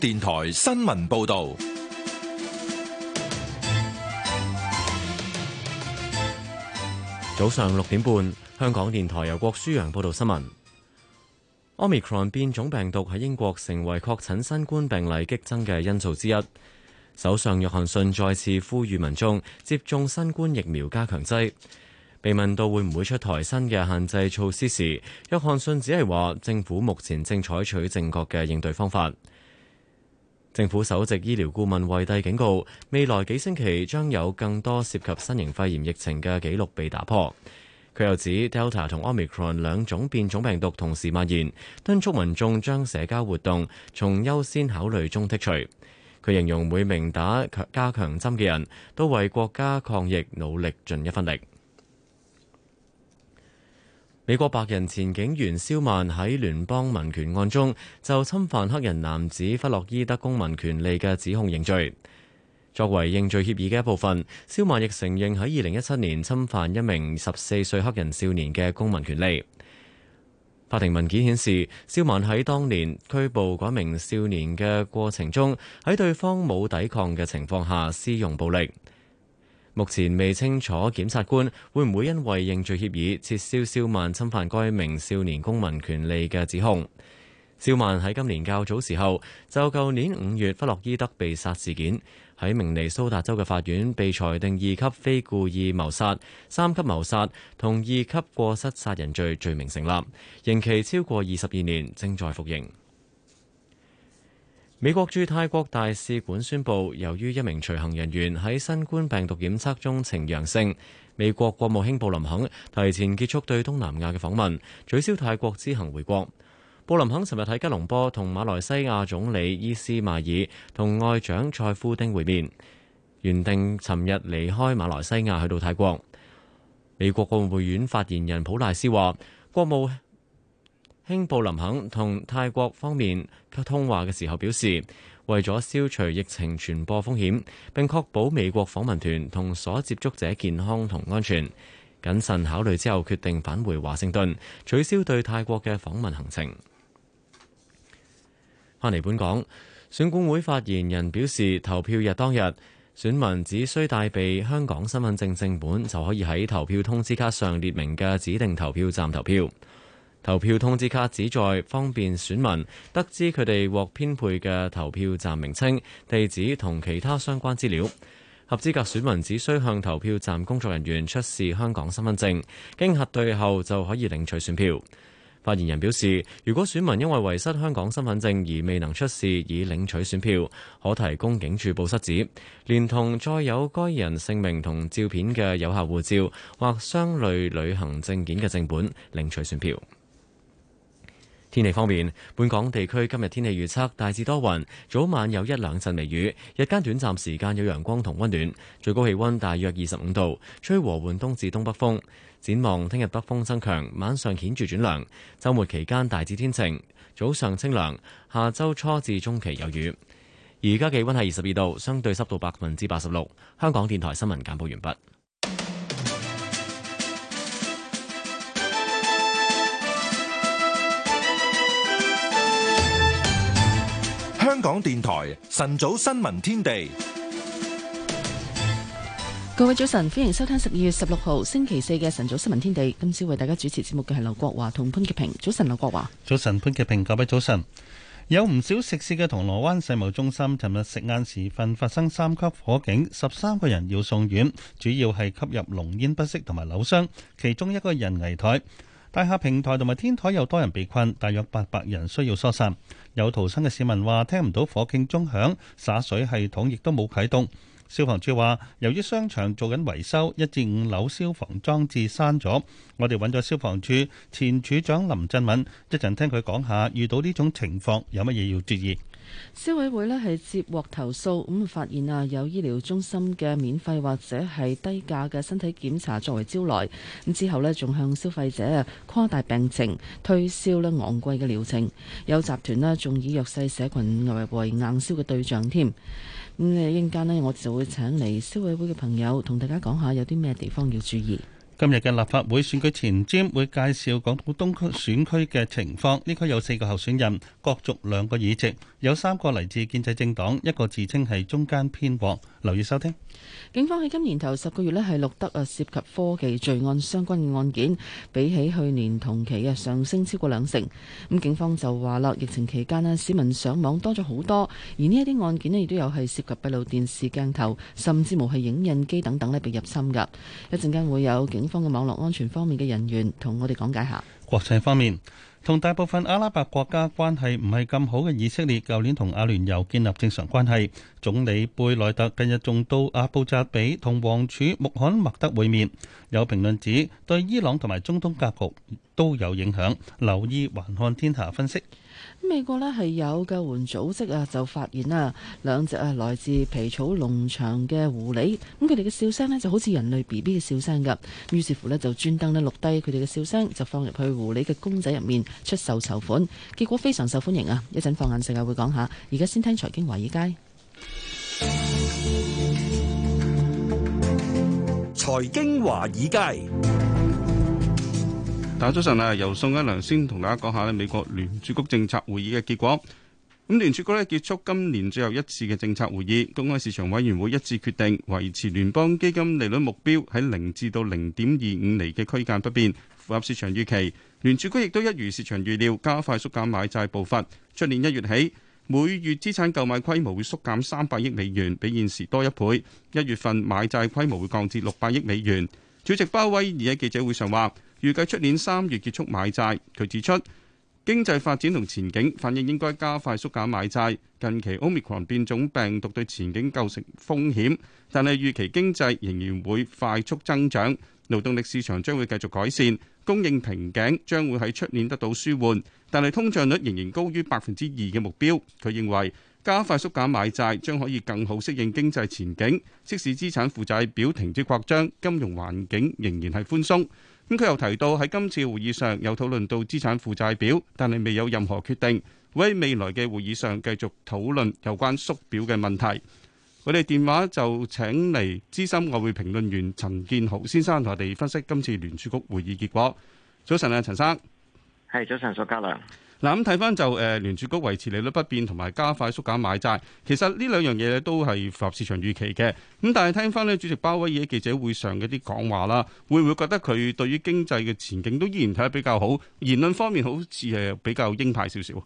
電台新聞報道，早上六點半，香港電台由郭舒揚報道新聞。Omicron 變種病毒喺英國成為確診新冠病例激增嘅因素之一。首相約翰遜再次呼籲民眾接種新冠疫苗加強劑。被問到會唔會出台新嘅限制措施時，約翰遜只係話政府目前正採取正確嘅應對方法。政府首席醫療顧問惠蒂警告，未來幾星期將有更多涉及新型肺炎疫情嘅記錄被打破。佢又指，Delta 同 Omicron 兩種變種病毒同時蔓延，敦促民眾將社交活動從優先考慮中剔除。佢形容每名打強加強針嘅人都為國家抗疫努力盡一分力。美國白人前警員肖曼喺聯邦民權案中，就侵犯黑人男子弗洛伊德公民權利嘅指控認罪。作為認罪協議嘅一部分，肖曼亦承認喺二零一七年侵犯一名十四歲黑人少年嘅公民權利。法庭文件顯示，肖曼喺當年拘捕嗰名少年嘅過程中，喺對方冇抵抗嘅情況下施用暴力。目前未清楚，檢察官會唔會因為認罪協議撤銷肖曼侵犯該名少年公民權利嘅指控。肖曼喺今年較早時候就舊年五月弗洛伊德被殺事件喺明尼蘇達州嘅法院被裁定二級非故意謀殺、三級謀殺同二級過失殺人罪罪名成立，刑期超過二十二年，正在服刑。美國駐泰國大使館宣布，由於一名隨行人員喺新冠病毒檢測中呈陽性，美國國務卿布林肯提前結束對東南亞嘅訪問，取消泰國之行回國。布林肯尋日喺吉隆坡同馬來西亞總理伊斯邁爾同外長賽夫丁會面，原定尋日離開馬來西亞去到泰國。美國國務院發言人普賴斯話：國務英布林肯同泰國方面通話嘅時候表示，為咗消除疫情傳播風險，並確保美國訪問團同所接觸者健康同安全，謹慎考慮之後決定返回華盛頓，取消對泰國嘅訪問行程。翻嚟本港選管會發言人表示，投票日當日，選民只需帶備香港身份證正本，就可以喺投票通知卡上列明嘅指定投票站投票。投票通知卡旨在方便選民得知佢哋獲編配嘅投票站名稱、地址同其他相關資料。合資格選民只需向投票站工作人員出示香港身份證，經核對後，就可以領取選票。發言人表示，如果選民因為遺失香港身份證而未能出示以領取選票，可提供警署報失紙，連同再有該人姓名同照片嘅有效護照或相類旅行證件嘅正本領取選票。天氣方面，本港地區今日天氣預測大致多雲，早晚有一兩陣微雨，日間短暫時間有陽光同溫暖，最高氣溫大約二十五度，吹和緩東至東北風。展望聽日北風增強，晚上顯著轉涼。周末期間大致天晴，早上清涼。下周初至中期有雨。而家氣溫係二十二度，相對濕度百分之八十六。香港電台新聞簡報完畢。港電台晨早新聞天地，各位早晨，歡迎收聽十二月十六號星期四嘅晨早新聞天地。今次為大家主持節目嘅係劉國華同潘潔平。早晨，劉國華，早晨，潘潔平，各位早晨。有唔少食肆嘅銅鑼灣世貿中心，尋日食晏時分發生三級火警，十三個人要送院，主要係吸入濃煙不適同埋扭傷，其中一個人危殆。大廈平台同埋天台有多人被困，大約八百人需要疏散。有逃生嘅市民話聽唔到火警鐘響灑水系統亦都冇啟動。消防處話，由於商場做緊維修，一至五樓消防裝置閂咗。我哋揾咗消防處前處長林振敏，一陣聽佢講下，遇到呢種情況有乜嘢要注意。消委會呢係接獲投訴，咁發現啊有醫療中心嘅免費或者係低價嘅身體檢查作為招徠，咁之後呢，仲向消費者啊誇大病情，推銷呢昂貴嘅療程，有集團呢，仲以弱勢社群為為硬銷嘅對象添。咁誒，一陣間呢我就會請嚟消委會嘅朋友同大家講下有啲咩地方要注意。今日嘅立法會選舉前瞻會介紹港島東區選區嘅情況，呢區有四個候選人，角逐兩個議席。有三個嚟自建制政黨，一個自稱係中間偏左。留意收聽。警方喺今年頭十個月呢，係錄得啊涉及科技罪案相關嘅案件，比起去年同期嘅上升超過兩成。咁警方就話啦，疫情期間咧，市民上網多咗好多，而呢一啲案件呢，亦都有係涉及閉路電視鏡頭，甚至無係影印機等等呢被入侵噶。一陣間會有警方嘅網絡安全方面嘅人員同我哋講解下。國際方面。同大部分阿拉伯國家關係唔係咁好嘅以色列，舊年同阿聯酋建立正常關係。總理貝內特近日仲到阿布扎比同王儲穆罕默德會面，有評論指對伊朗同埋中東格局都有影響。留意環看天下分析。美國咧係有救援組織啊，就發現啊兩隻啊來自皮草農場嘅狐狸，咁佢哋嘅笑聲咧就好似人類 BB 嘅笑聲噶，於是乎咧就專登咧錄低佢哋嘅笑聲，就放入去狐狸嘅公仔入面出售籌款，結果非常受歡迎啊！一陣放眼世界會講下，而家先聽財經華爾街，財經華爾街。打早晨啊！由宋一良先同大家講下咧，美國聯儲局政策會議嘅結果。咁聯儲局咧結束今年最後一次嘅政策會議，公開市場委員會一致決定維持聯邦基金利率目標喺零至到零點二五厘嘅區間不變，符合市場預期。聯儲局亦都一如市場預料，加快縮減買債步伐。出年一月起，每月資產購買規模會縮減三百億美元，比現時多一倍。一月份買債規模會降至六百億美元。主席鮑威爾喺記者會上話。預計出年三月結束買債。佢指出，經濟發展同前景反映應該加快縮減買債。近期 Omicron 變種病毒對前景構成風險，但係預期經濟仍然會快速增長，勞動力市場將會繼續改善，供應瓶頸將會喺出年得到舒緩。但係通脹率仍然高於百分之二嘅目標。佢認為加快縮減買債將可以更好適應經濟前景，即使資產負債表停止擴張，金融環境仍然係寬鬆。咁佢又提到喺今次會議上有討論到資產負債表，但係未有任何決定，會喺未來嘅會議上繼續討論有關縮表嘅問題。我哋電話就請嚟資深外匯評論員陳建豪先生同我哋分析今次聯儲局會議結果。早晨啊，陳生。係早晨，蘇家良。嗱，咁睇翻就誒聯儲局維持利率不變同埋加快縮減買債，其實呢兩樣嘢都係符合市場預期嘅。咁但係聽翻咧，主席鮑威爾喺記者會上嘅啲講話啦，會唔會覺得佢對於經濟嘅前景都依然睇得比較好？言論方面好似係比較鷹派少少。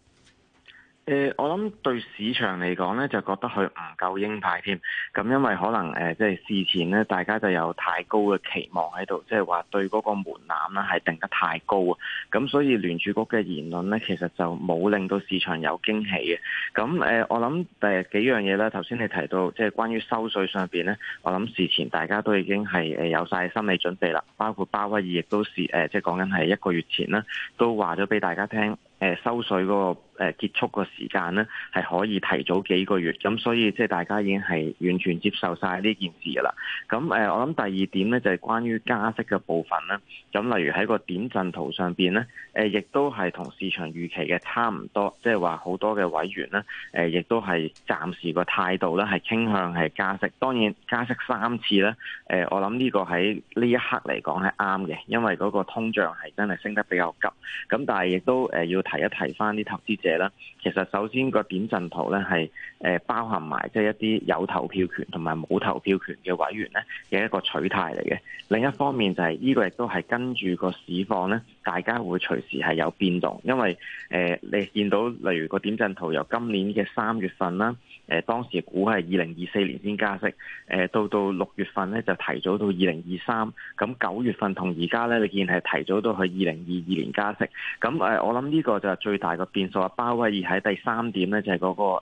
誒、呃，我諗對市場嚟講呢，就覺得佢唔夠鷹派添。咁因為可能誒，即、呃、係、就是、事前咧，大家就有太高嘅期望喺度，即係話對嗰個門檻咧係定得太高啊。咁所以聯儲局嘅言論呢，其實就冇令到市場有驚喜嘅。咁誒、呃，我諗誒幾樣嘢咧，頭先你提到即係、就是、關於收水上面呢，我諗事前大家都已經係誒有晒心理準備啦。包括鮑威爾亦都是誒、呃，即係講緊係一個月前啦，都話咗俾大家聽。誒收水嗰個誒結束個時間咧，係可以提早幾個月，咁所以即係大家已經係完全接受晒呢件事嘅啦。咁誒，我諗第二點咧就係關於加息嘅部分啦。咁例如喺個點陣圖上邊咧，誒亦都係同市場預期嘅差唔多，即係話好多嘅委員咧，誒亦都係暫時個態度咧係傾向係加息。當然加息三次咧，誒我諗呢個喺呢一刻嚟講係啱嘅，因為嗰個通脹係真係升得比較急。咁但係亦都誒要提一提翻啲投資者啦，其實首先個點陣圖咧係誒包含埋即係一啲有投票權同埋冇投票權嘅委員咧嘅一個取態嚟嘅。另一方面就係呢個亦都係跟住個市況咧，大家會隨時係有變動，因為誒、呃、你見到例如個點陣圖由今年嘅三月份啦。誒當時股係二零二四年先加息，誒到到六月份咧就提早到二零二三，咁九月份同而家咧，你見係提早到去二零二二年加息，咁誒我諗呢個就係最大嘅變數啊！鮑威爾喺第三點咧，就係嗰個誒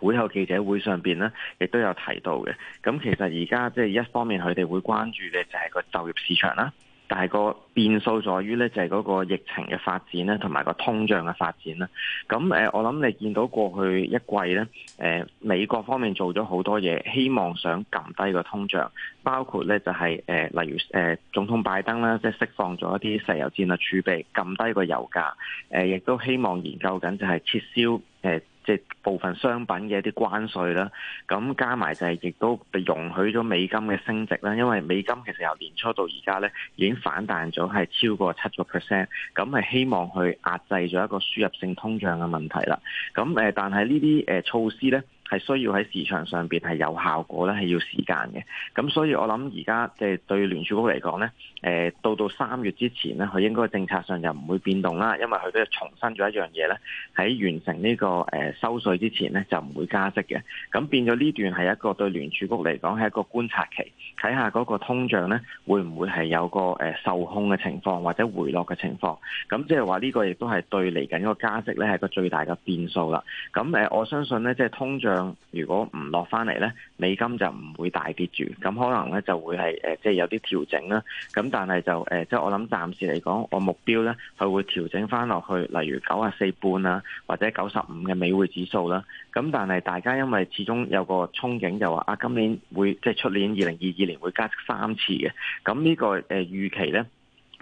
會後記者會上面咧，亦都有提到嘅。咁其實而家即係一方面佢哋會關注嘅就係個就業市場啦。但係個變數在於咧，就係、是、嗰個疫情嘅發展咧，同埋個通脹嘅發展啦。咁誒、呃，我諗你見到過去一季咧，誒、呃，美國方面做咗好多嘢，希望想撳低個通脹，包括咧就係、是、誒、呃，例如誒、呃，總統拜登啦，即係釋放咗一啲石油戰略儲備，撳低個油價，誒、呃，亦都希望研究緊就係撤銷誒。呃即係部分商品嘅一啲關稅啦，咁加埋就係亦都容許咗美金嘅升值啦，因為美金其實由年初到而家咧已經反彈咗，係超過七個 percent，咁係希望去壓制咗一個輸入性通脹嘅問題啦。咁誒，但係呢啲誒措施咧。係需要喺市場上邊係有效果咧，係要時間嘅。咁所以我諗而家即係對聯儲局嚟講咧，誒、呃、到到三月之前咧，佢應該政策上就唔會變動啦，因為佢都重申咗一樣嘢咧，喺完成呢個誒收稅之前咧就唔會加息嘅。咁變咗呢段係一個對聯儲局嚟講係一個觀察期，睇下嗰個通脹咧會唔會係有個誒受控嘅情況或者回落嘅情況。咁即係話呢個亦都係對嚟緊一個加息咧係個最大嘅變數啦。咁誒我相信咧即係通脹。如果唔落翻嚟呢，美金就唔會大跌住，咁可能呢就會係誒，即係有啲調整啦。咁但係就誒，即係我諗暫時嚟講，我目標呢係會調整翻落去，例如九十四半啊，或者九十五嘅美匯指數啦。咁但係大家因為始終有個憧憬就話啊，今年會即係出年二零二二年會加息三次嘅，咁呢個誒預期呢，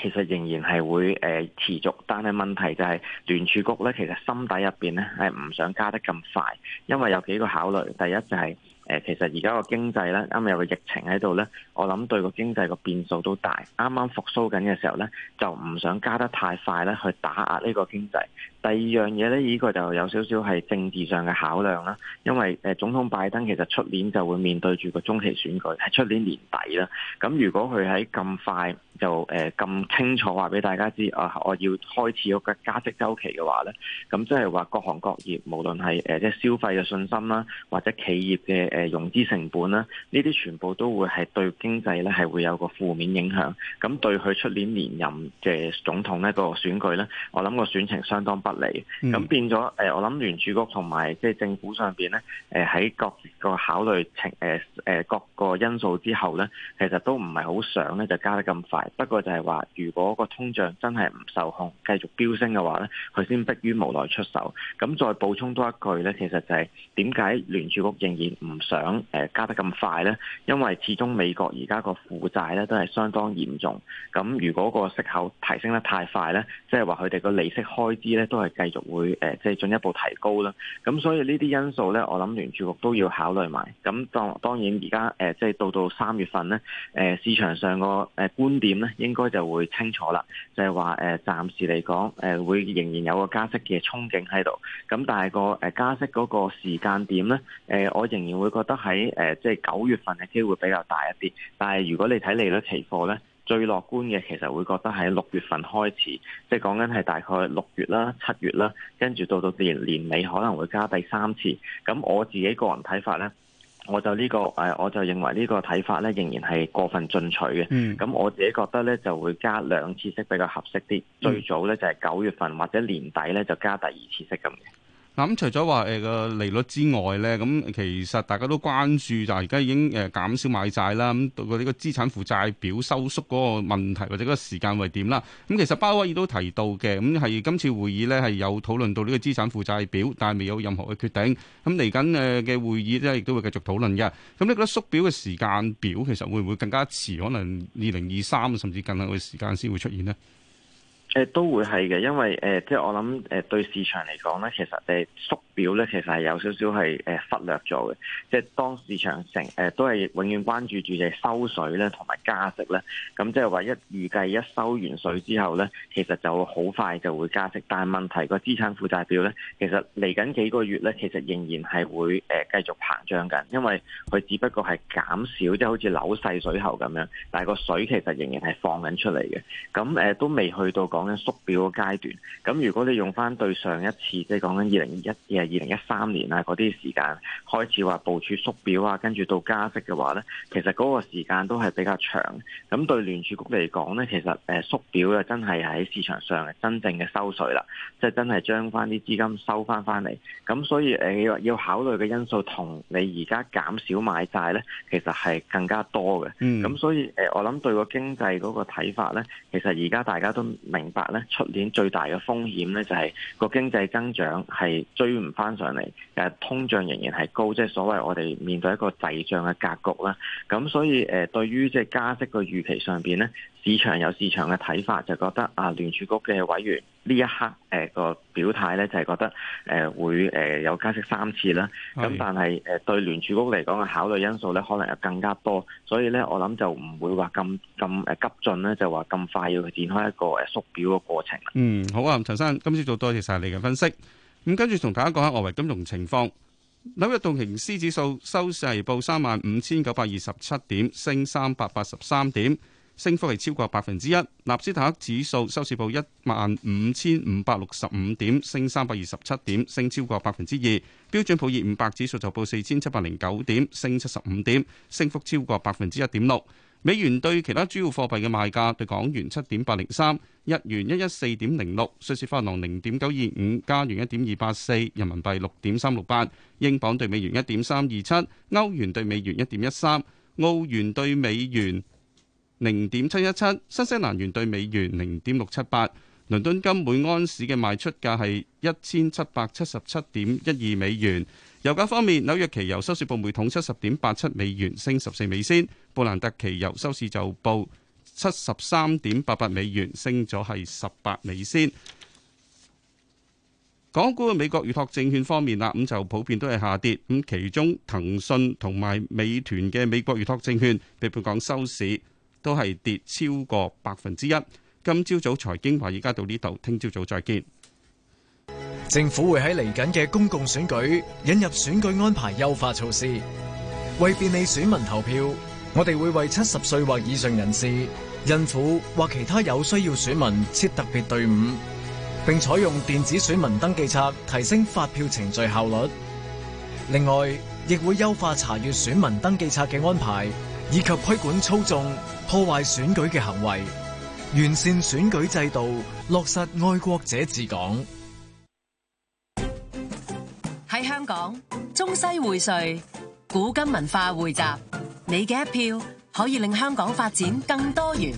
其實仍然係會誒持續，但係問題就係聯儲局咧，其實心底入邊咧係唔想加得咁快，因為有幾個考慮。第一就係、是、誒，其實而家個經濟咧，啱有個疫情喺度咧，我諗對個經濟個變數都大。啱啱復蘇緊嘅時候咧，就唔想加得太快咧，去打壓呢個經濟。第二樣嘢呢，呢個就有少少係政治上嘅考量啦。因為誒總統拜登其實出年就會面對住個中期選舉，係出年年底啦。咁如果佢喺咁快就誒咁清楚話俾大家知啊，我要開始一個加息周期嘅話呢，咁即係話各行各業，無論係誒即係消費嘅信心啦，或者企業嘅誒融資成本啦，呢啲全部都會係對經濟呢係會有個負面影響。咁對佢出年連任嘅總統呢個選舉呢，我諗個選情相當嚟咁、嗯、變咗，誒我諗聯儲局同埋即係政府上邊咧，誒、呃、喺各個考慮情誒誒各個因素之後咧，其實都唔係好想咧就加得咁快。不過就係話，如果個通脹真係唔受控，繼續飆升嘅話咧，佢先逼於無奈出手。咁再補充多一句咧，其實就係點解聯儲局仍然唔想誒加得咁快咧？因為始終美國而家個負債咧都係相當嚴重。咁如果個息口提升得太快咧，即係話佢哋個利息開支咧都～都係繼續會誒，即、呃、係、就是、進一步提高啦。咁所以呢啲因素咧，我諗聯儲局都要考慮埋。咁當當然而家誒，即、呃、係、就是、到到三月份咧，誒、呃、市場上個誒觀點咧，應該就會清楚啦。就係話誒，暫時嚟講誒，會仍然有個加息嘅憧憬喺度。咁但係個誒加息嗰個時間點咧，誒、呃、我仍然會覺得喺誒即係九月份嘅機會比較大一啲。但係如果你睇利率期貨咧。最樂觀嘅其實會覺得喺六月份開始，即係講緊係大概六月啦、七月啦，跟住到到年年尾可能會加第三次。咁我自己個人睇法呢，我就呢、呢個誒，我就認為呢個睇法呢仍然係過分進取嘅。咁、mm. 我自己覺得呢，就會加兩次息比較合適啲，mm. 最早呢就係、是、九月份或者年底呢就加第二次息咁。咁除咗話誒個利率之外咧，咁其實大家都關注就係而家已經誒減少買債啦。咁到佢呢個資產負債表收縮嗰個問題，或者個時間為點啦？咁其實鮑威爾都提到嘅，咁係今次會議咧係有討論到呢個資產負債表，但係未有任何嘅決定。咁嚟緊誒嘅會議咧，亦都會繼續討論嘅。咁你覺得縮表嘅時間表其實會唔會更加遲？可能二零二三甚至更後嘅時間先會出現呢？誒都會係嘅，因為誒即係我諗誒對市場嚟講咧，其實誒縮、呃表咧其實係有少少係誒忽略咗嘅，即、就、係、是、當市場成誒、呃、都係永遠關注住係收水咧同埋加息咧，咁即係話一預計一收完水之後咧，其實就好快就會加息，但係問題、那個資產負債表咧，其實嚟緊幾個月咧，其實仍然係會誒、呃、繼續膨脹緊，因為佢只不過係減少，即、就、係、是、好似扭細水喉咁樣，但係個水其實仍然係放緊出嚟嘅，咁誒、呃、都未去到講緊縮表個階段。咁如果你用翻對上一次，即係講緊二零二一嘅。二零一三年啊，嗰啲時間開始話部署縮表啊，跟住到加息嘅話咧，其實嗰個時間都係比較長，咁對聯儲局嚟講咧，其實誒縮表啊，真係喺市場上真正嘅收水啦，即、就、係、是、真係將翻啲資金收翻翻嚟。咁所以誒要考慮嘅因素同你而家減少買債咧，其實係更加多嘅。咁、嗯、所以誒我諗對經個經濟嗰個睇法咧，其實而家大家都明白咧，出年最大嘅風險咧就係個經濟增長係追唔翻上嚟，誒通脹仍然係高，即係所謂我哋面對一個滯脹嘅格局啦。咁所以誒，對於即係加息嘅預期上邊咧，市場有市場嘅睇法，就覺得啊，聯儲局嘅委員呢一刻誒個表態咧，就係覺得誒會誒有加息三次啦。咁是但係誒對聯儲局嚟講嘅考慮因素咧，可能又更加多，所以咧我諗就唔會話咁咁誒急進咧，就話咁快要去展開一個誒縮表嘅過程。嗯，好啊，陳生，今次就多謝晒你嘅分析。咁跟住同大家講下外圍金融情況，紐約道瓊斯指數收市報三萬五千九百二十七點，升三百八十三點，升幅係超過百分之一；納斯達克指數收市報一萬五千五百六十五點，升三百二十七點，升超過百分之二；標準普爾五百指數就報四千七百零九點，升七十五點，升幅超過百分之一點六。美元對其他主要貨幣嘅賣價：對港元七點八零三，日元一一四點零六，瑞士法郎零點九二五，加元一點二八四，人民幣六點三六八，英鎊對美元一點三二七，歐元對美元一點一三，澳元對美元零點七一七，新西蘭元對美元零點六七八。倫敦金每安士嘅賣出價係一千七百七十七點一二美元。油價方面，紐約期油收市報每桶七十點八七美元升，升十四美仙。布蘭特期油收市就報七十三點八八美元，升咗係十八美仙。港股嘅美國預託證券方面啦，咁就普遍都係下跌。咁其中騰訊同埋美團嘅美國預託證券，比香港收市都係跌超過百分之一。今朝早財經話，而家到呢度，聽朝早再見。政府會喺嚟緊嘅公共選舉引入選舉安排優化措施，為便利選民投票。我哋會為七十歲或以上人士、孕婦或其他有需要選民設特別隊伍，并採用電子選民登記冊，提升發票程序效率。另外，亦會優化查閱選民登記冊嘅安排，以及規管操縱、破壞選舉嘅行為，完善選舉制度，落實愛國者治港。喺香港，中西薈萃，古今文化匯集。你嘅一票可以令香港發展更多元。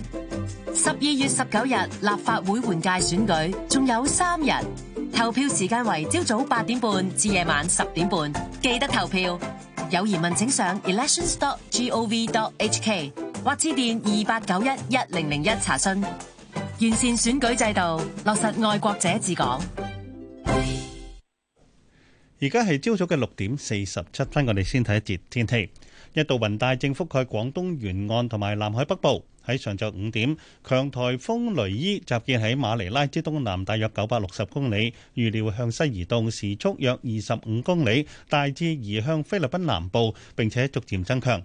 十二月十九日立法會換屆選舉仲有三日，投票時間為朝早八點半至夜晚十點半，記得投票。有疑問請上 elections.gov.hk 或致電二八九一一零零一查詢。完善選舉制度，落實愛國者治港。而家係朝早嘅六點四十七分，我哋先睇一節天氣。一道雲帶正覆蓋廣東沿岸同埋南海北部。喺上晝五點，強颱風雷伊集結喺馬尼拉之東南，大約九百六十公里，預料向西移動，時速約二十五公里，大致移向菲律賓南部並且逐漸增強。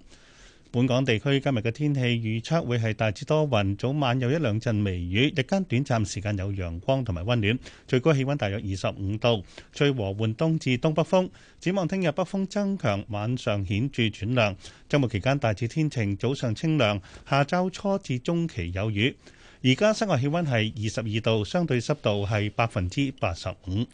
本港地區今日嘅天氣預測會係大致多雲，早晚有一兩陣微雨，日間短暫時間有陽光同埋溫暖，最高氣溫大約二十五度，吹和緩東至東北風，展望聽日北風增強，晚上顯著轉涼。週末期間大致天晴，早上清涼，下週初至中期有雨。而家室外氣溫係二十二度，相對濕度係百分之八十五。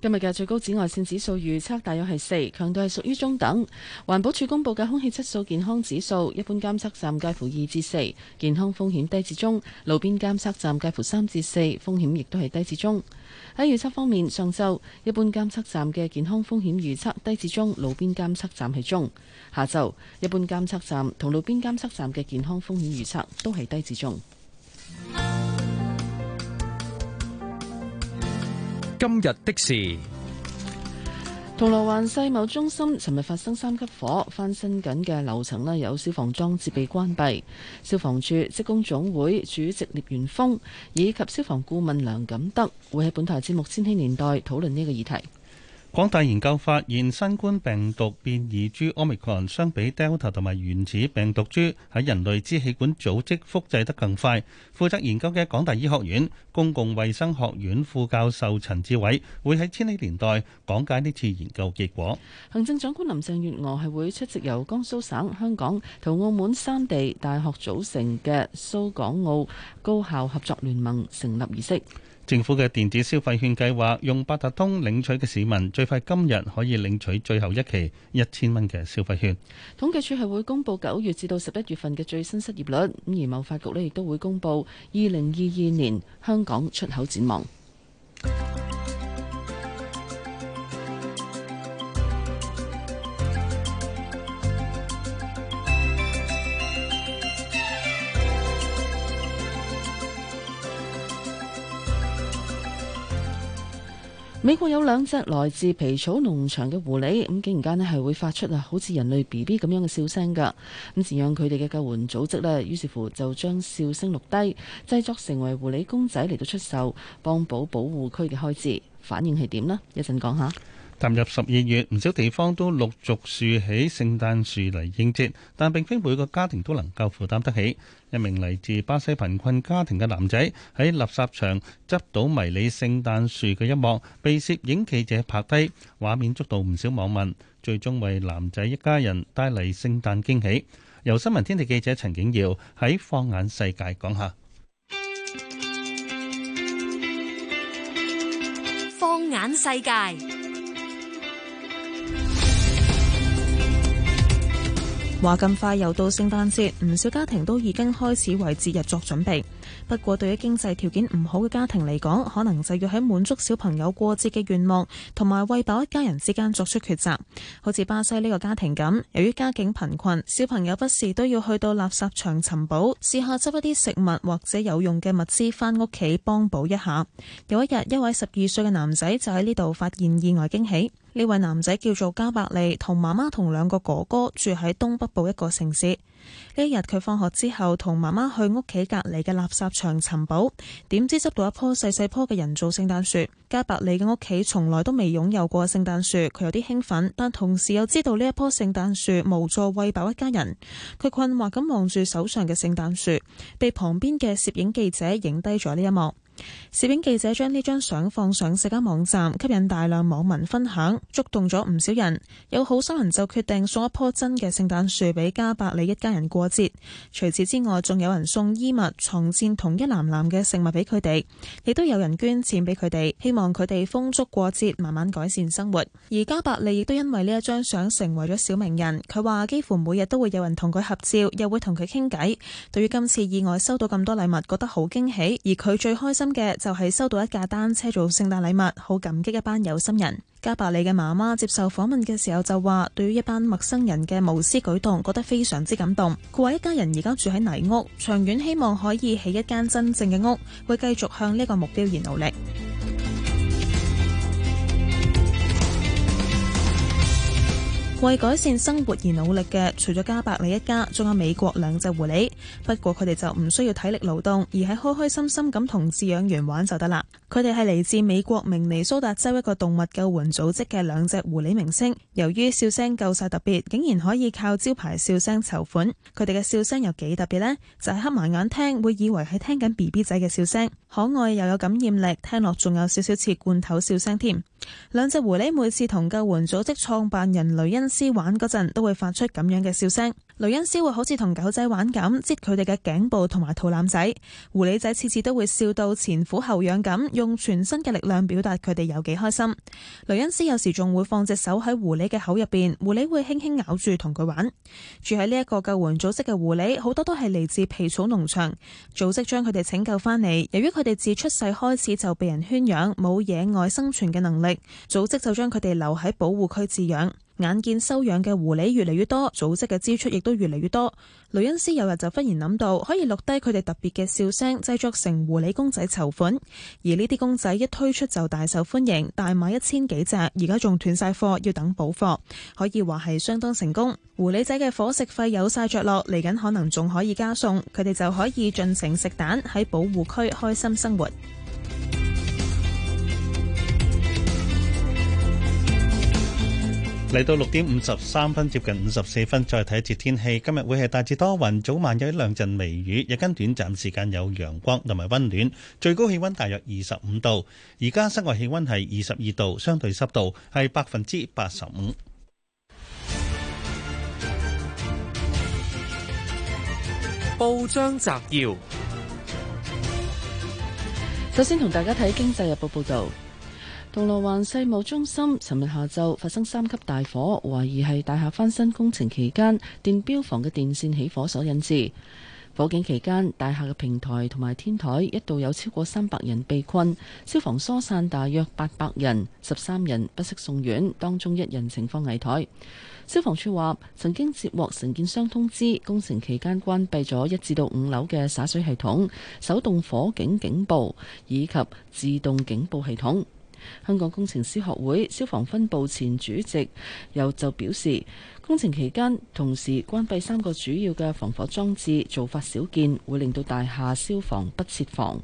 今日嘅最高紫外綫指數預測大約係四，強度係屬於中等。環保署公布嘅空氣質素健康指數，一般監測站介乎二至四，健康風險低至中；路邊監測站介乎三至四，風險亦都係低至中。喺預測方面，上晝一般監測站嘅健康風險預測低至中，路邊監測站係中。下晝一般監測站同路邊監測站嘅健康風險預測都係低至中。今日的事，銅鑼灣世貿中心尋日發生三級火，翻新緊嘅樓層呢有消防裝置被關閉。消防處職工總會主席聶元峰以及消防顧問梁錦德會喺本台節目《千禧年代》討論呢個議題。港大研究發現，新冠病毒變異株 Omicron 相比 Delta 同埋原始病毒株，喺人類支氣管組織複製得更快。負責研究嘅港大醫學院公共衛生學院副教授陳志偉會喺千禧年代講解呢次研究結果。行政長官林鄭月娥係會出席由江蘇省、香港同澳門三地大學組成嘅蘇港澳高校合作聯盟成立儀式。政府嘅電子消費券計劃用八達通領取嘅市民，最快今日可以領取最後一期一千蚊嘅消費券。統計處係會公布九月至到十一月份嘅最新失業率，咁而貿發局呢亦都會公布二零二二年香港出口展望。美國有兩隻來自皮草農場嘅狐狸，咁竟然間呢係會發出啊，好似人類 B B 咁樣嘅笑聲噶，咁是讓佢哋嘅救援組織呢，於是乎就將笑聲錄低，製作成為狐狸公仔嚟到出售，幫補保、保護區嘅開支。反應係點呢？一陣講下。踏入十二月，唔少地方都陸續豎起聖誕樹嚟應節，但並非每個家庭都能夠負擔得起。一名嚟自巴西貧困家庭嘅男仔喺垃圾場執到迷你聖誕樹嘅一幕，被攝影記者拍低，畫面觸動唔少網民，最終為男仔一家人帶嚟聖誕驚喜。由新聞天地記者陳景耀喺《放眼世界》講下。放眼世界。話咁快又到聖誕節，唔少家庭都已經開始為節日作準備。不過對於經濟條件唔好嘅家庭嚟講，可能就要喺滿足小朋友過節嘅願望同埋餵飽一家人之間作出抉擇。好似巴西呢個家庭咁，由於家境貧困，小朋友不時都要去到垃圾場尋寶，試下執一啲食物或者有用嘅物資返屋企幫補一下。有一日，一位十二歲嘅男仔就喺呢度發現意外驚喜。呢位男仔叫做加伯利，同媽媽同兩個哥哥住喺東北部一個城市。呢一日佢放學之後同媽媽去屋企隔籬嘅垃圾場尋寶，點知執到一棵細細棵嘅人造聖誕樹。加伯利嘅屋企從來都未擁有過聖誕樹，佢有啲興奮，但同時又知道呢一棵聖誕樹無助餵飽一家人。佢困惑咁望住手上嘅聖誕樹，被旁邊嘅攝影記者影低咗呢一幕。攝影記者將呢張相放上社交網站，吸引大量網民分享，觸動咗唔少人。有好心人就決定送一棵真嘅聖誕樹俾加百利一家人過節。除此之外，仲有人送衣物、床單同一籃籃嘅食物俾佢哋，亦都有人捐錢俾佢哋，希望佢哋豐足過節，慢慢改善生活。而加百利亦都因為呢一張相成為咗小名人。佢話幾乎每日都會有人同佢合照，又會同佢傾偈。對於今次意外收到咁多禮物，覺得好驚喜。而佢最開心。嘅就係、是、收到一架單車做聖誕禮物，好感激一班有心人。加伯里嘅媽媽接受訪問嘅時候就話，對於一班陌生人嘅無私舉動，覺得非常之感動。佢話一家人而家住喺泥屋，長遠希望可以起一間真正嘅屋，會繼續向呢個目標而努力。為改善生活而努力嘅，除咗加百利一家，仲有美國兩隻狐狸。不過佢哋就唔需要體力勞動，而喺開開心心咁同飼養員玩就得喇。佢哋係嚟自美國明尼蘇達州一個動物救援組織嘅兩隻狐狸明星。由於笑聲夠晒特別，竟然可以靠招牌笑聲籌款。佢哋嘅笑聲有幾特別呢？就係黑埋眼聽，會以為係聽緊 B B 仔嘅笑聲，可愛又有感染力，聽落仲有少少似罐頭笑聲添。兩隻狐狸每次同救援組織創辦人雷恩。雷恩斯玩嗰陣都會發出咁樣嘅笑聲。雷恩斯會好似同狗仔玩咁，即佢哋嘅頸部同埋肚腩仔。狐狸仔次次都會笑到前俯後仰咁，用全身嘅力量表達佢哋有幾開心。雷恩斯有時仲會放隻手喺狐狸嘅口入邊，狐狸會輕輕咬住同佢玩。住喺呢一個救援組織嘅狐狸好多都係嚟自皮草農場，組織將佢哋拯救翻嚟。由於佢哋自出世開始就被人圈養，冇野外生存嘅能力，組織就將佢哋留喺保護區飼養。眼見收養嘅狐狸越嚟越多，組織嘅支出亦都越嚟越多。雷恩斯有日就忽然諗到，可以錄低佢哋特別嘅笑聲，製作成狐狸公仔籌款。而呢啲公仔一推出就大受歡迎，大賣一千幾隻，而家仲斷晒貨，要等補貨，可以話係相當成功。狐狸仔嘅夥食費有晒着落，嚟緊可能仲可以加餸，佢哋就可以盡情食蛋，喺保護區開心生活。嚟到六點五十三分，接近五十四分，再睇一次天氣。今日會係大致多雲，早晚有一兩陣微雨，日間短暫時間有陽光同埋溫暖，最高氣溫大約二十五度。而家室外氣溫係二十二度，相對濕度係百分之八十五。報章摘要，首先同大家睇《經濟日報》報道。銅鑼灣世貿中心尋日下晝發生三級大火，懷疑係大廈翻新工程期間電錶房嘅電線起火所引致。火警期間，大廈嘅平台同埋天台一度有超過三百人被困，消防疏散大約八百人，十三人不適送院，當中一人情況危殆。消防處話曾經接獲承建商通知，工程期間關閉咗一至到五樓嘅灑水系統、手動火警警報以及自動警報系統。香港工程師學會消防分部前主席又就表示，工程期間同時關閉三個主要嘅防火裝置，做法少見，會令到大廈消防不設防。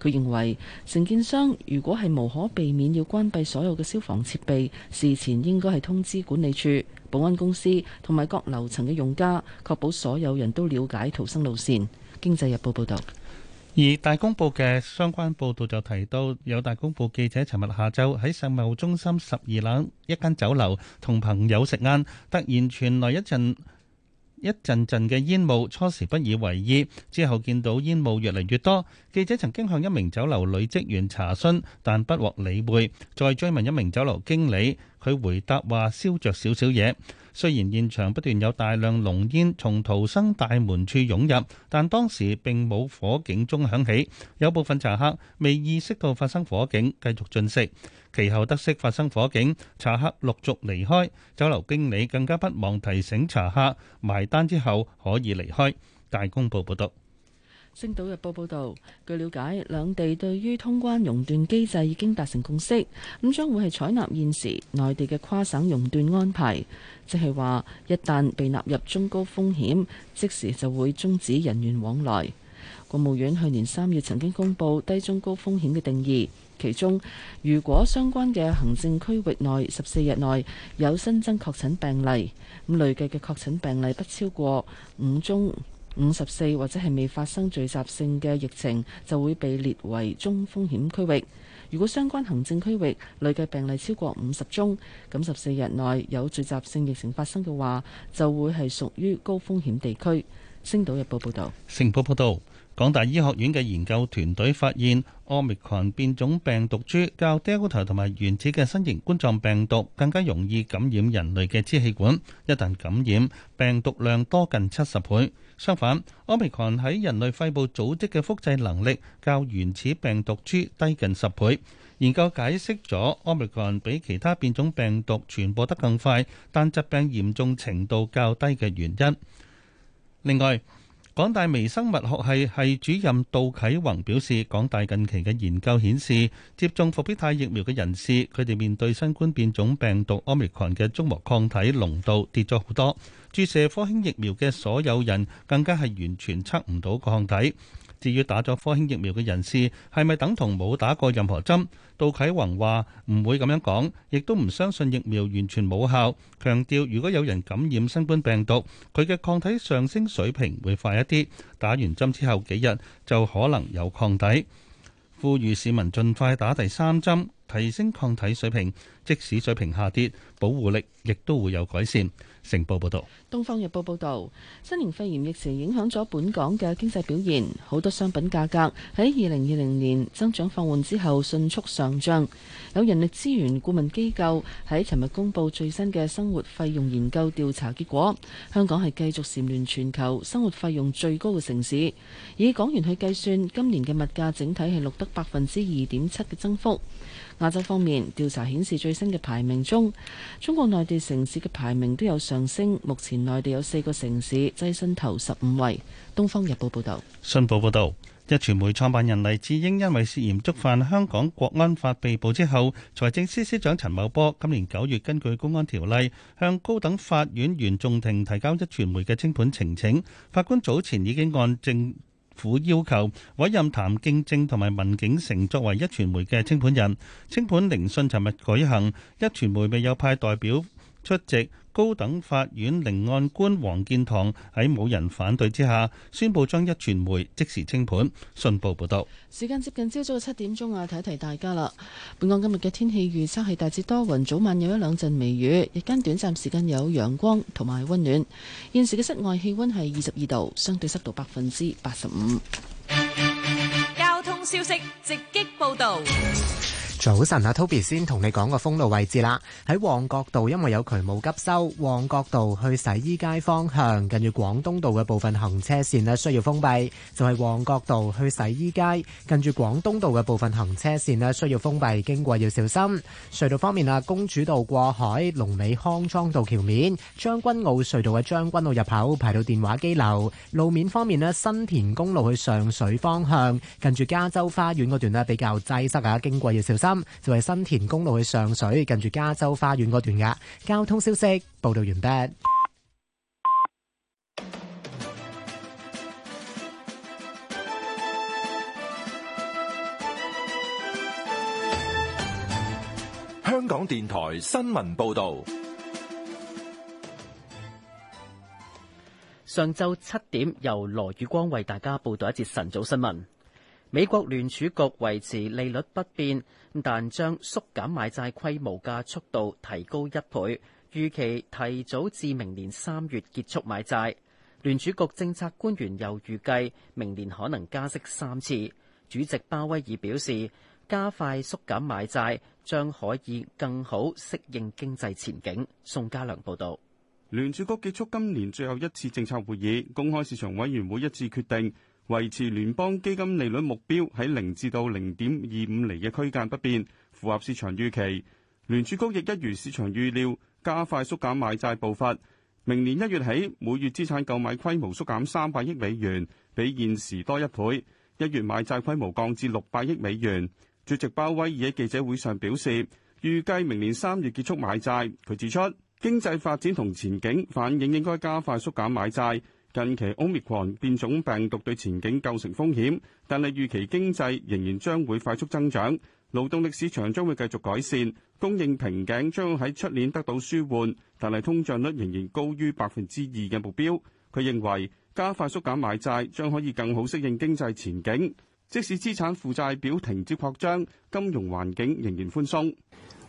佢認為，承建商如果係無可避免要關閉所有嘅消防設備，事前應該係通知管理處、保安公司同埋各樓層嘅用家，確保所有人都了解逃生路線。經濟日報報道。而大公報嘅相關報導就提到，有大公報記者尋日下晝喺世貿中心十二樓一間酒樓同朋友食晏，突然傳來一陣，一陣陣嘅煙霧，初時不以為意，之後見到煙霧越嚟越多。記者曾經向一名酒樓女職員查詢，但不獲理會。再追問一名酒樓經理，佢回答話燒着少少嘢。雖然現場不斷有大量濃煙從逃生大門處湧入，但當時並冇火警鐘響起。有部分茶客未意識到發生火警，繼續進食。其後得悉發生火警，茶客陸續離開，酒樓經理更加不忘提醒茶客埋單之後可以離開。大公報報道，《星島日報》報道：「據了解，兩地對於通關熔斷機制已經達成共識，咁將會係採納現時內地嘅跨省熔斷安排，即係話一旦被納入中高風險，即時就會終止人員往來。國務院去年三月曾經公布低、中、高風險嘅定義，其中如果相關嘅行政區域內十四日內有新增確診病例，咁累計嘅確診病例不超過五宗五十四，或者係未發生聚集性嘅疫情，就會被列為中風險區域。如果相關行政區域累計病例超過五十宗，咁十四日內有聚集性疫情發生嘅話，就會係屬於高風險地區。星島日報報道。星報道。成報報導。港大醫學院嘅研究團隊發現，Omicron 變種病毒株較 Delta 同埋原始嘅新型冠狀病毒更加容易感染人類嘅支氣管。一旦感染，病毒量多近七十倍。相反，Omicron 喺人類肺部組織嘅複製能力較原始病毒株低近十倍。研究解釋咗 Omicron 比其他變種病毒傳播得更快，但疾病嚴重程度較低嘅原因。另外，港大微生物學系系主任杜啟宏表示，港大近期嘅研究顯示，接種伏必泰疫苗嘅人士，佢哋面對新冠變種病毒奧密克戎嘅中和抗體濃度跌咗好多；注射科興疫苗嘅所有人，更加係完全測唔到抗體。至於打咗科興疫苗嘅人士係咪等同冇打過任何針？杜啟宏話唔會咁樣講，亦都唔相信疫苗完全冇效。強調如果有人感染新冠病毒，佢嘅抗體上升水平會快一啲。打完針之後幾日就可能有抗體。呼籲市民盡快打第三針，提升抗體水平，即使水平下跌，保護力亦都會有改善。成報報道。《東方日報》報導，新型肺炎疫情影響咗本港嘅經濟表現，好多商品價格喺二零二零年增長放緩之後迅速上漲。有人力資源顧問機構喺尋日公布最新嘅生活費用研究調查結果，香港係繼續蟬聯全球生活費用最高嘅城市。以港元去計算，今年嘅物價整體係錄得百分之二點七嘅增幅。亞洲方面，調查顯示最新嘅排名中，中國內地城市嘅排名都有上升，目前，內地有四個城市躋身頭十五位。《東方日報》報道。《信報》報導，一傳媒創辦人黎智英因為涉嫌觸犯香港國安法被捕之後，財政司司長陳茂波今年九月根據公安條例向高等法院原訟庭提交一傳媒嘅清盤呈請。法官早前已經按政府要求委任譚競正同埋文景成作為一傳媒嘅清盤人。清盤聆訊尋日舉行，一傳媒未有派代表。出席。高等法院聆案官黃建堂喺冇人反對之下，宣布將一傳媒即時清盤。《信報》報道，時間接近朝早七點鐘啊，提提大家啦。本港今日嘅天氣預測係大致多雲，早晚有一兩陣微雨，日間短暫時間有陽光同埋溫暖。現時嘅室外氣溫係二十二度，相對濕度百分之八十五。交通消息直擊報道。早晨啊，Toby 先同你講個封路位置啦。喺旺角道，因為有渠務急修，旺角道去洗衣街方向近住廣東道嘅部分行車線咧需要封閉，就係旺角道去洗衣街近住廣東道嘅部分行車線咧需要封閉，經過要小心。隧道方面啊，公主道過海、龍尾康莊道橋面、將軍澳隧道嘅將軍澳入口排到電話機樓。路面方面咧，新田公路去上水方向近住加州花園嗰段咧比較擠塞啊，經過要小心。就係新田公路去上水，近住加州花園嗰段噶。交通消息報道完畢。香港電台新聞報道，上晝七點由羅宇光為大家報道一節晨早新聞。美國聯儲局維持利率不變，但將縮減買債規模嘅速度提高一倍，預期提早至明年三月結束買債。聯儲局政策官員又預計明年可能加息三次。主席鮑威爾表示，加快縮減買債將可以更好適應經濟前景。宋家良報導。聯儲局結束今年最後一次政策會議，公開市場委員會一致決定。維持聯邦基金利率目標喺零至到零點二五厘嘅區間不變，符合市場預期。聯儲局亦一如市場預料，加快縮減買債步伐。明年一月起，每月資產購買規模縮減三百億美元，比現時多一倍。一月買債規模降至六百億美元。主席鮑威爾喺記者會上表示，預計明年三月結束買債。佢指出，經濟發展同前景反映應，應該加快縮減買債。近期奧密克戎變種病毒對前景構成風險，但係預期經濟仍然將會快速增長，勞動力市場將會繼續改善，供應瓶頸將喺出年得到舒緩，但係通脹率仍然高於百分之二嘅目標，佢認為加快縮減買債將可以更好適應經濟前景，即使資產負債表停止擴張，金融環境仍然寬鬆。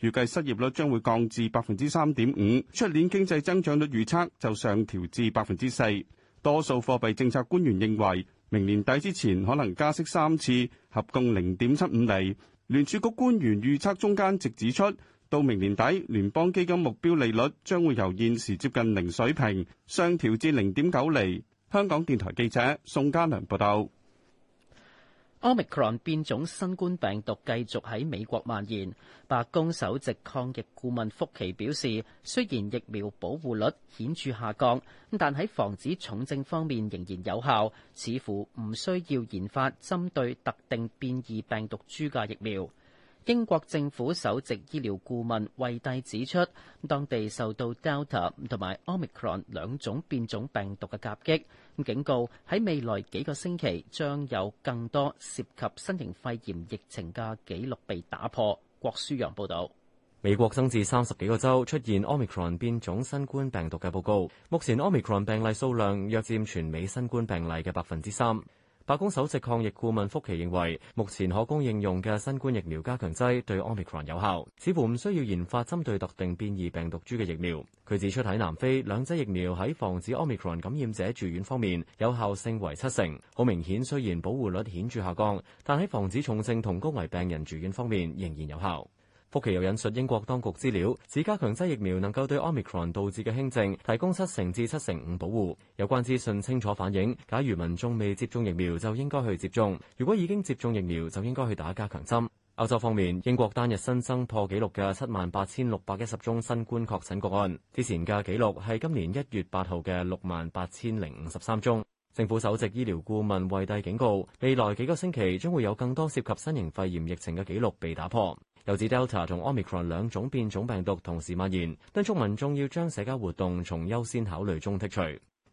預計失業率將會降至百分之三點五，出年經濟增長率預測就上調至百分之四。多數貨幣政策官員認為，明年底之前可能加息三次，合共零點七五厘。聯儲局官員預測中間值指出，到明年底，聯邦基金目標利率將會由現時接近零水平上調至零點九厘。香港電台記者宋嘉良報道。Omicron 變種新冠病毒繼續喺美國蔓延，白宮首席抗疫顧問福奇表示，雖然疫苗保護率顯著下降，但喺防止重症方面仍然有效，似乎唔需要研發針對特定變異病毒株嘅疫苗。英國政府首席醫療顧問惠蒂指出，當地受到 Delta 同埋 Omicron 兩種變種病毒嘅夾擊，警告喺未來幾個星期將有更多涉及新型肺炎疫情嘅記錄被打破。郭舒揚報導，美國增至三十幾個州出現 Omicron 變種新冠病毒嘅報告，目前 Omicron 病例數量約佔全美新冠病例嘅百分之三。白宮首席抗疫顧問福奇認為，目前可供應用嘅新冠疫苗加強劑對 omicron 有效，似乎唔需要研發針對特定變異病毒株嘅疫苗。佢指出，喺南非，兩劑疫苗喺防止 omicron 感染者住院方面，有效性為七成。好明顯，雖然保護率顯著下降，但喺防止重症同高危病人住院方面仍然有效。福奇又引述英國當局資料，指加強劑疫苗能夠對 Omicron 導致嘅輕症提供七成至七成五保護。有關資訊清楚反映，假如民眾未接種疫苗，就應該去接種；如果已經接種疫苗，就應該去打加強針。歐洲方面，英國單日新增破紀錄嘅七萬八千六百一十宗新冠確診個案，之前嘅紀錄係今年一月八號嘅六萬八千零五十三宗。政府首席醫療顧問惠帝警告，未來幾個星期將會有更多涉及新型肺炎疫情嘅紀錄被打破。又指 Delta 同 Omicron 兩種變種病毒同時蔓延，敦促民眾要將社交活動從優先考慮中剔除。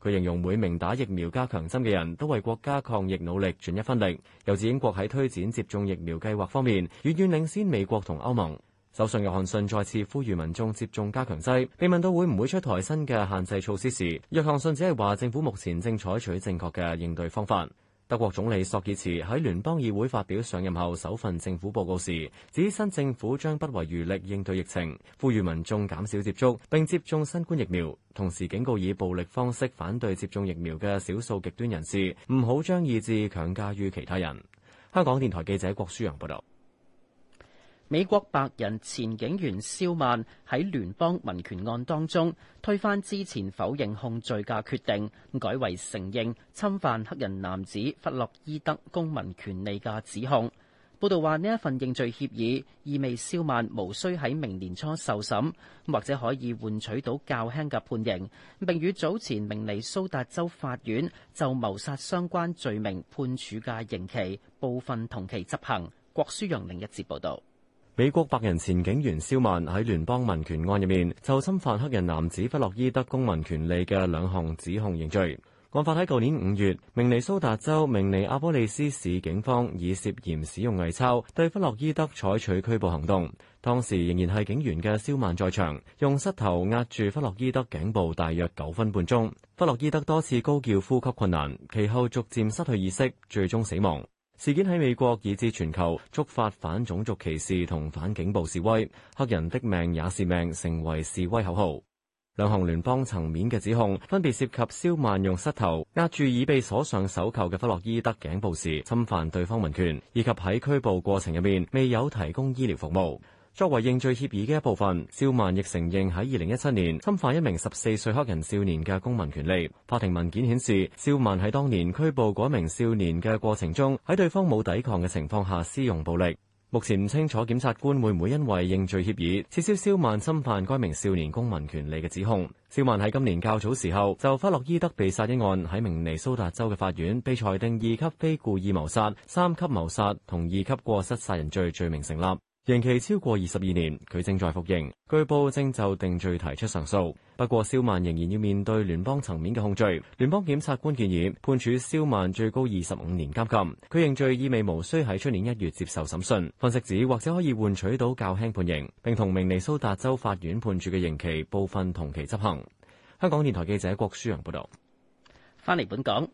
佢形容每名打疫苗加強針嘅人都為國家抗疫努力盡一分力。又指英國喺推展接種疫苗計劃方面，遠遠領先美國同歐盟。首相約翰遜再次呼籲民眾接種加強劑，被問到會唔會出台新嘅限制措施時，約翰遜只係話政府目前正採取正確嘅應對方法。德國總理索爾茨喺聯邦議會發表上任後首份政府報告時，指新政府將不遺餘力應對疫情，呼籲民眾減少接觸並接種新冠疫苗，同時警告以暴力方式反對接種疫苗嘅少數極端人士唔好將意志強加於其他人。香港電台記者郭舒揚報道。美國白人前警員肖曼喺聯邦民權案當中推翻之前否認控罪嘅決定，改為承認侵犯黑人男子弗洛伊德公民權利嘅指控。報道話呢一份認罪協議意味肖曼無需喺明年初受審，或者可以換取到較輕嘅判刑，並與早前明尼蘇達州法院就謀殺相關罪名判處嘅刑期部分同期執行。郭書陽另一節報道。美國白人前警員肖曼喺聯邦民權案入面，就侵犯黑人男子弗洛伊德公民權利嘅兩項指控認罪。案發喺舊年五月，明尼蘇達州明尼阿波利斯市警方以涉嫌使用偽鈔對弗洛伊德採取拘捕行動，當時仍然係警員嘅肖曼在場，用膝頭壓住弗洛伊德頸部大約九分半鐘，弗洛伊德多次高叫呼吸困難，其後逐漸失去意識，最終死亡。事件喺美國以至全球觸發反種族歧視同反警暴示威，黑人的命也是命，成為示威口號。兩項聯邦層面嘅指控，分別涉及肖曼用膝頭壓住已被鎖上手扣嘅弗洛伊德頸部時，侵犯對方民權，以及喺拘捕過程入面未有提供醫療服務。作為認罪協議嘅一部分，肖曼亦承認喺二零一七年侵犯一名十四歲黑人少年嘅公民權利。法庭文件顯示，肖曼喺當年拘捕嗰名少年嘅過程中，喺對方冇抵抗嘅情況下施用暴力。目前唔清楚檢察官會唔會因為認罪協議撤銷肖曼侵犯該名少年公民權利嘅指控。肖曼喺今年較早時候就弗洛伊德被殺一案喺明尼蘇達州嘅法院被裁定二級非故意謀殺、三級謀殺同二級過失殺人罪罪名成立。刑期超過二十二年，佢正在服刑，據報正就定罪提出上訴。不過，肖曼仍然要面對聯邦層面嘅控罪。聯邦檢察官建議判處肖曼最高二十五年監禁。佢認罪意味無需喺出年一月接受審訊。分析指，或者可以換取到較輕判刑，並同明尼蘇達州法院判處嘅刑期部分同期執行。香港電台記者郭舒洋報道。翻嚟本港。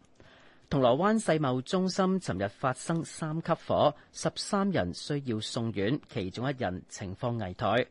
銅鑼灣世貿中心尋日發生三級火，十三人需要送院，其中一人情況危殆。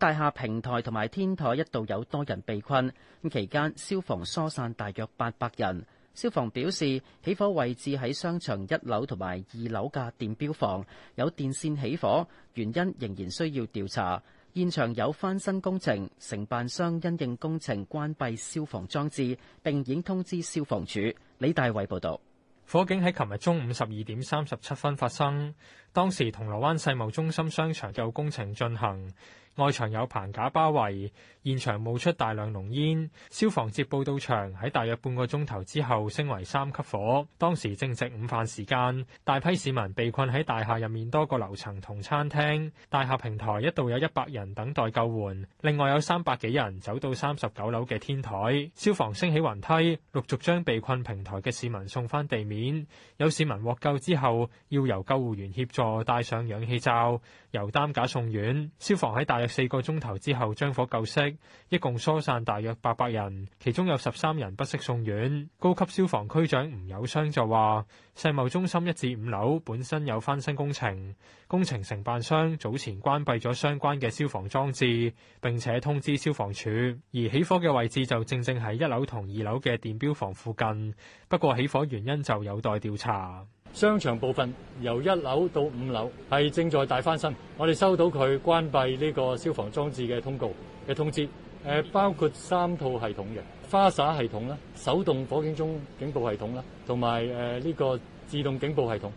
大廈平台同埋天台一度有多人被困，期間消防疏散大約八百人。消防表示，起火位置喺商場一樓同埋二樓嘅電表房，有電線起火，原因仍然需要調查。現場有翻新工程，承辦商因應工程關閉消防裝置，並已通知消防處。李大衛報導。火警喺琴日中午十二點三十七分發生，當時銅鑼灣世貿中心商場有工程進行。外牆有棚架包圍，現場冒出大量濃煙。消防接報到場，喺大約半個鐘頭之後升為三級火。當時正值午飯時間，大批市民被困喺大廈入面多個樓層同餐廳。大廈平台一度有一百人等待救援，另外有三百幾人走到三十九樓嘅天台。消防升起雲梯，陸續將被困平台嘅市民送翻地面。有市民獲救之後，要由救護員協助戴上氧氣罩。由擔架送院，消防喺大約四個鐘頭之後將火救熄，一共疏散大約八百人，其中有十三人不適送院。高級消防區長吳友商就話：世貿中心一至五樓本身有翻新工程，工程承辦商早前關閉咗相關嘅消防裝置，並且通知消防處。而起火嘅位置就正正喺一樓同二樓嘅電錶房附近，不過起火原因就有待調查。商場部分由一樓到五樓係正在大翻新，我哋收到佢關閉呢個消防裝置嘅通告嘅通知。誒，包括三套系統嘅花灑系統啦、手動火警鐘警報系統啦，同埋誒呢個自動警報系統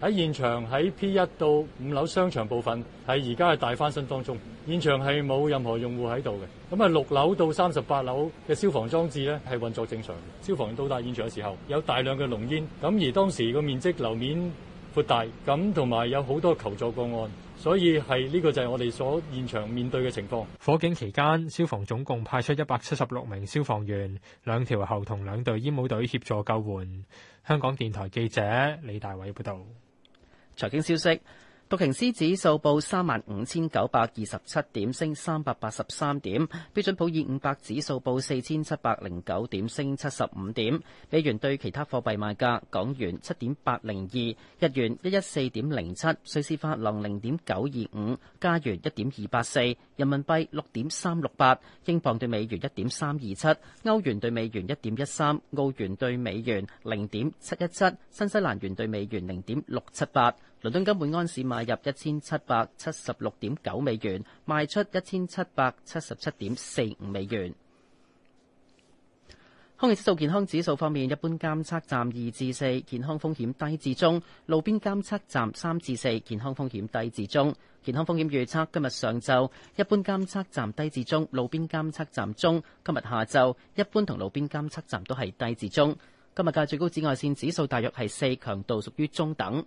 喺現場喺 P 一到五樓商場部分係而家係大翻新當中，現場係冇任何用戶喺度嘅。咁啊，六樓到三十八樓嘅消防裝置呢係運作正常。消防員到達現場嘅時候，有大量嘅濃煙。咁而當時個面積樓面闊大，咁同埋有好多求助個案，所以係呢個就係我哋所現場面對嘅情況。火警期間，消防總共派出一百七十六名消防員，兩條喉同兩隊煙霧隊協助救援。香港電台記者李大偉報導。財經消息。道瓊斯指數報三萬五千九百二十七點，升三百八十三點。標準普爾五百指數報四千七百零九點，升七十五點。美元對其他貨幣賣價：港元七點八零二，日元一一四點零七，瑞士法郎零點九二五，加元一點二八四，人民幣六點三六八，英鎊對美元一點三二七，歐元對美元一點一三，澳元對美元零點七一七，新西蘭元對美元零點六七八。倫敦金每安士買入一千七百七十六點九美元，賣出一千七百七十七點四五美元。空氣質素健康指數方面，一般監測站二至四，健康風險低至中；路邊監測站三至四，健康風險低至中。健康風險預測今日上晝一般監測站低至中，路邊監測站中；今日下晝一般同路邊監測站都係低至中。今日嘅最高紫外綫指數大約係四，強度屬於中等。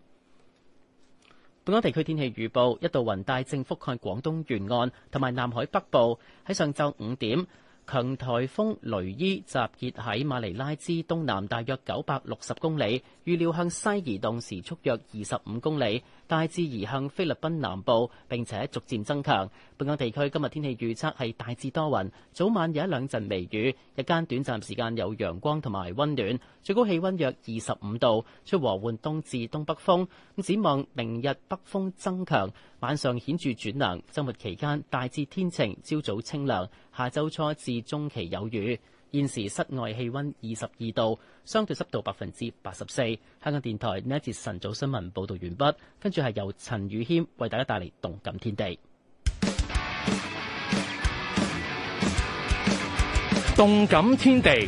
本港地區天氣預報：一道雲帶正覆蓋廣東沿岸同埋南海北部。喺上晝五點，強颱風雷伊集結喺馬尼拉之東南，大約九百六十公里。預料向西移動時速約二十五公里。大致移向菲律賓南部，並且逐漸增強。本港地區今日天氣預測係大致多雲，早晚有一兩陣微雨，日間短暫時間有陽光同埋溫暖，最高氣溫約二十五度，吹和緩東至東北風。咁展望明日北風增強，晚上顯著轉涼，週末期間大致天晴，朝早清涼，下周初至中期有雨。現時室外氣溫二十二度，相對濕度百分之八十四。香港電台呢一節晨早新聞報道完畢，跟住係由陳宇謙為大家帶嚟動感天地。動感天地。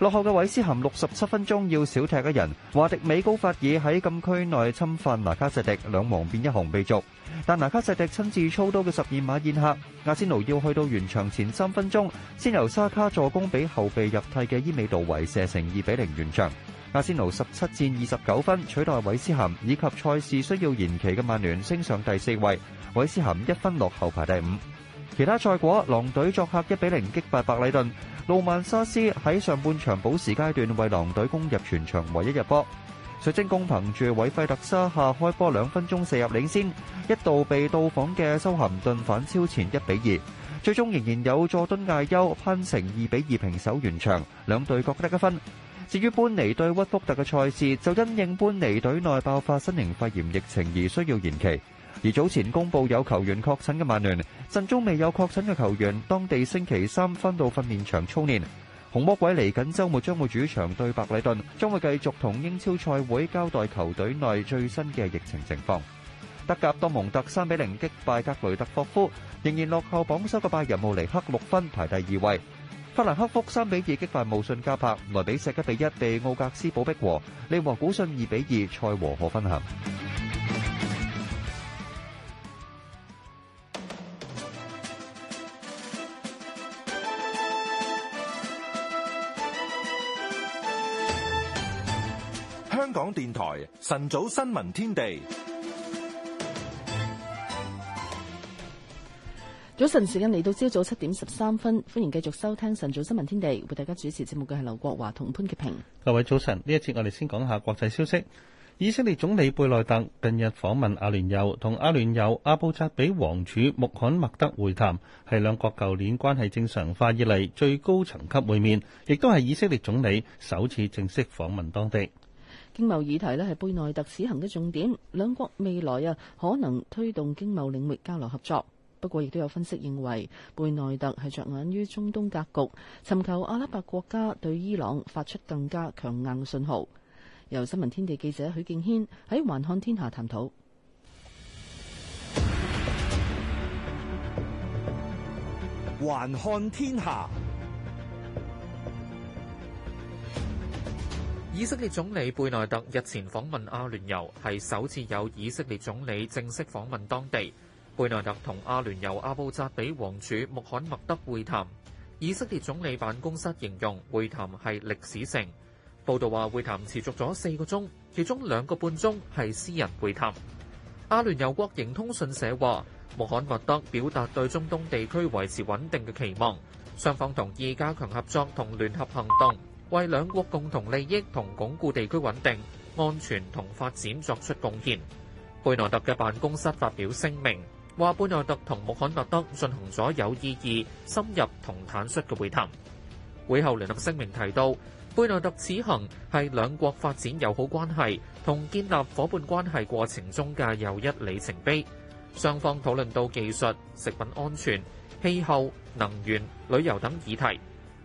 落後嘅韋斯咸六十七分鐘要少踢一人，華迪美高法爾喺禁區內侵犯拿卡什迪，兩黃變一紅被逐。但拿卡什迪親自操刀嘅十二碼宴客，阿仙奴要去到完場前三分鐘，先由沙卡助攻俾後備入替嘅伊美度維射成二比零完場。阿仙奴十七戰二十九分，取代韋斯咸以及賽事需要延期嘅曼聯升上第四位，韋斯咸一分落後排第五。其他賽果，狼隊作客一比零擊敗白里頓。路曼沙斯喺上半場補時階段為狼隊攻入全場唯一入波。水晶宮憑住韋費特沙夏開波兩分鐘射入領先，一度被到訪嘅修咸頓反超前一比二，最終仍然有佐敦艾優攀成二比二平手完場，兩隊各得一分。至於班尼對屈福特嘅賽事，就因應班尼隊內爆發新型肺炎疫情而需要延期。而早前公布有球員確診嘅曼聯，陣中未有確診嘅球員，當地星期三返到訓練場操練。紅魔鬼嚟緊週末將會主場對白禮頓，將會繼續同英超賽會交代球隊內最新嘅疫情情況。德甲多蒙特三比零擊敗格雷特霍夫，仍然落後榜首嘅拜仁慕尼克六分排第二位。法蘭克福三比二擊敗慕遜加柏，萊比錫一比一被奧格斯堡逼和，利華古遜二比二賽和賀芬咸。香港電台晨早新聞天地。早晨時間嚟到，朝早七點十三分，歡迎繼續收聽晨早新聞天地。為大家主持節目嘅係劉國華同潘潔平。各位早晨，呢一節我哋先講下國際消息。以色列總理貝內特近日訪問阿聯酋，同阿聯酋阿布扎比王儲穆罕默德會談，係兩國舊年關係正常化以嚟最高層級會面，亦都係以色列總理首次正式訪問當地。經貿議題咧係貝內特此行嘅重點，兩國未來啊可能推動經貿領域交流合作。不過亦都有分析認為，貝內特係着眼於中東格局，尋求阿拉伯國家對伊朗發出更加強硬嘅信號。由新聞天地記者許敬軒喺《環看天下》探討，《環看天下》。以色列總理貝內特日前訪問阿聯酋，係首次有以色列總理正式訪問當地。貝內特同阿聯酋阿布扎比王儲穆罕默德會談。以色列總理辦公室形容會談係歷史性。報道話會談持續咗四個鐘，其中兩個半鐘係私人會談。阿聯酋國營通訊社話，穆罕默德表達對中東地區維持穩定嘅期望，雙方同意加強合作同聯合行動。為兩國共同利益同鞏固地區穩定安全同發展作出貢獻。貝內特嘅辦公室發表聲明話，貝內特同穆罕默德進行咗有意義深入同坦率嘅會談。會後聯合聲明提到，貝內特此行係兩國發展友好關係同建立伙伴關係過程中嘅又一里程碑。雙方討論到技術、食品安全、氣候、能源、旅遊等議題，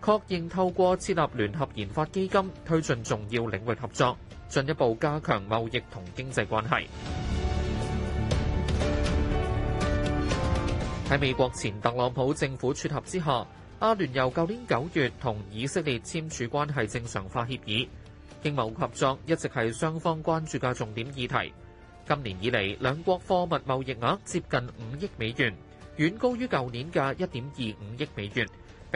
確認透過設立聯合研發基金，推進重要領域合作，進一步加強貿易同經濟關係。喺 美國前特朗普政府撮合之下，阿聯酋舊年九月同以色列簽署關係正常化協議，經貿合作一直係雙方關注嘅重點議題。今年以嚟，兩國貨物貿易額接近五億美元，遠高於舊年嘅一點二五億美元。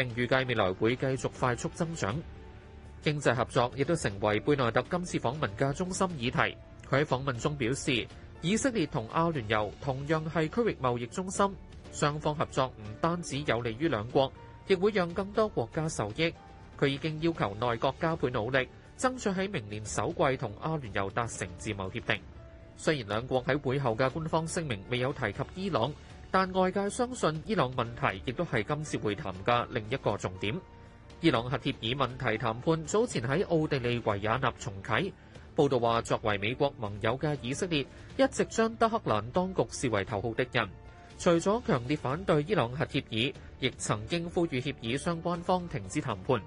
並預計未來會繼續快速增長。經濟合作亦都成為貝內特今次訪問嘅中心議題。佢喺訪問中表示，以色列同阿聯酋同樣係區域貿易中心，雙方合作唔單止有利於兩國，亦會讓更多國家受益。佢已經要求內閣加倍努力，爭取喺明年首季同阿聯酋達成自貿協定。雖然兩國喺會後嘅官方聲明未有提及伊朗。但外界相信伊朗問題亦都係今次會談嘅另一個重點。伊朗核協議問題談判早前喺奧地利維也納重啟。報道話，作為美國盟友嘅以色列，一直將德黑蘭當局視為頭號敵人。除咗強烈反對伊朗核協議，亦曾經呼籲協議相關方停止談判。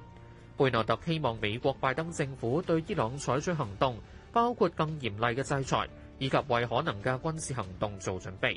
貝內特希望美國拜登政府對伊朗採取行動，包括更嚴厲嘅制裁，以及為可能嘅軍事行動做準備。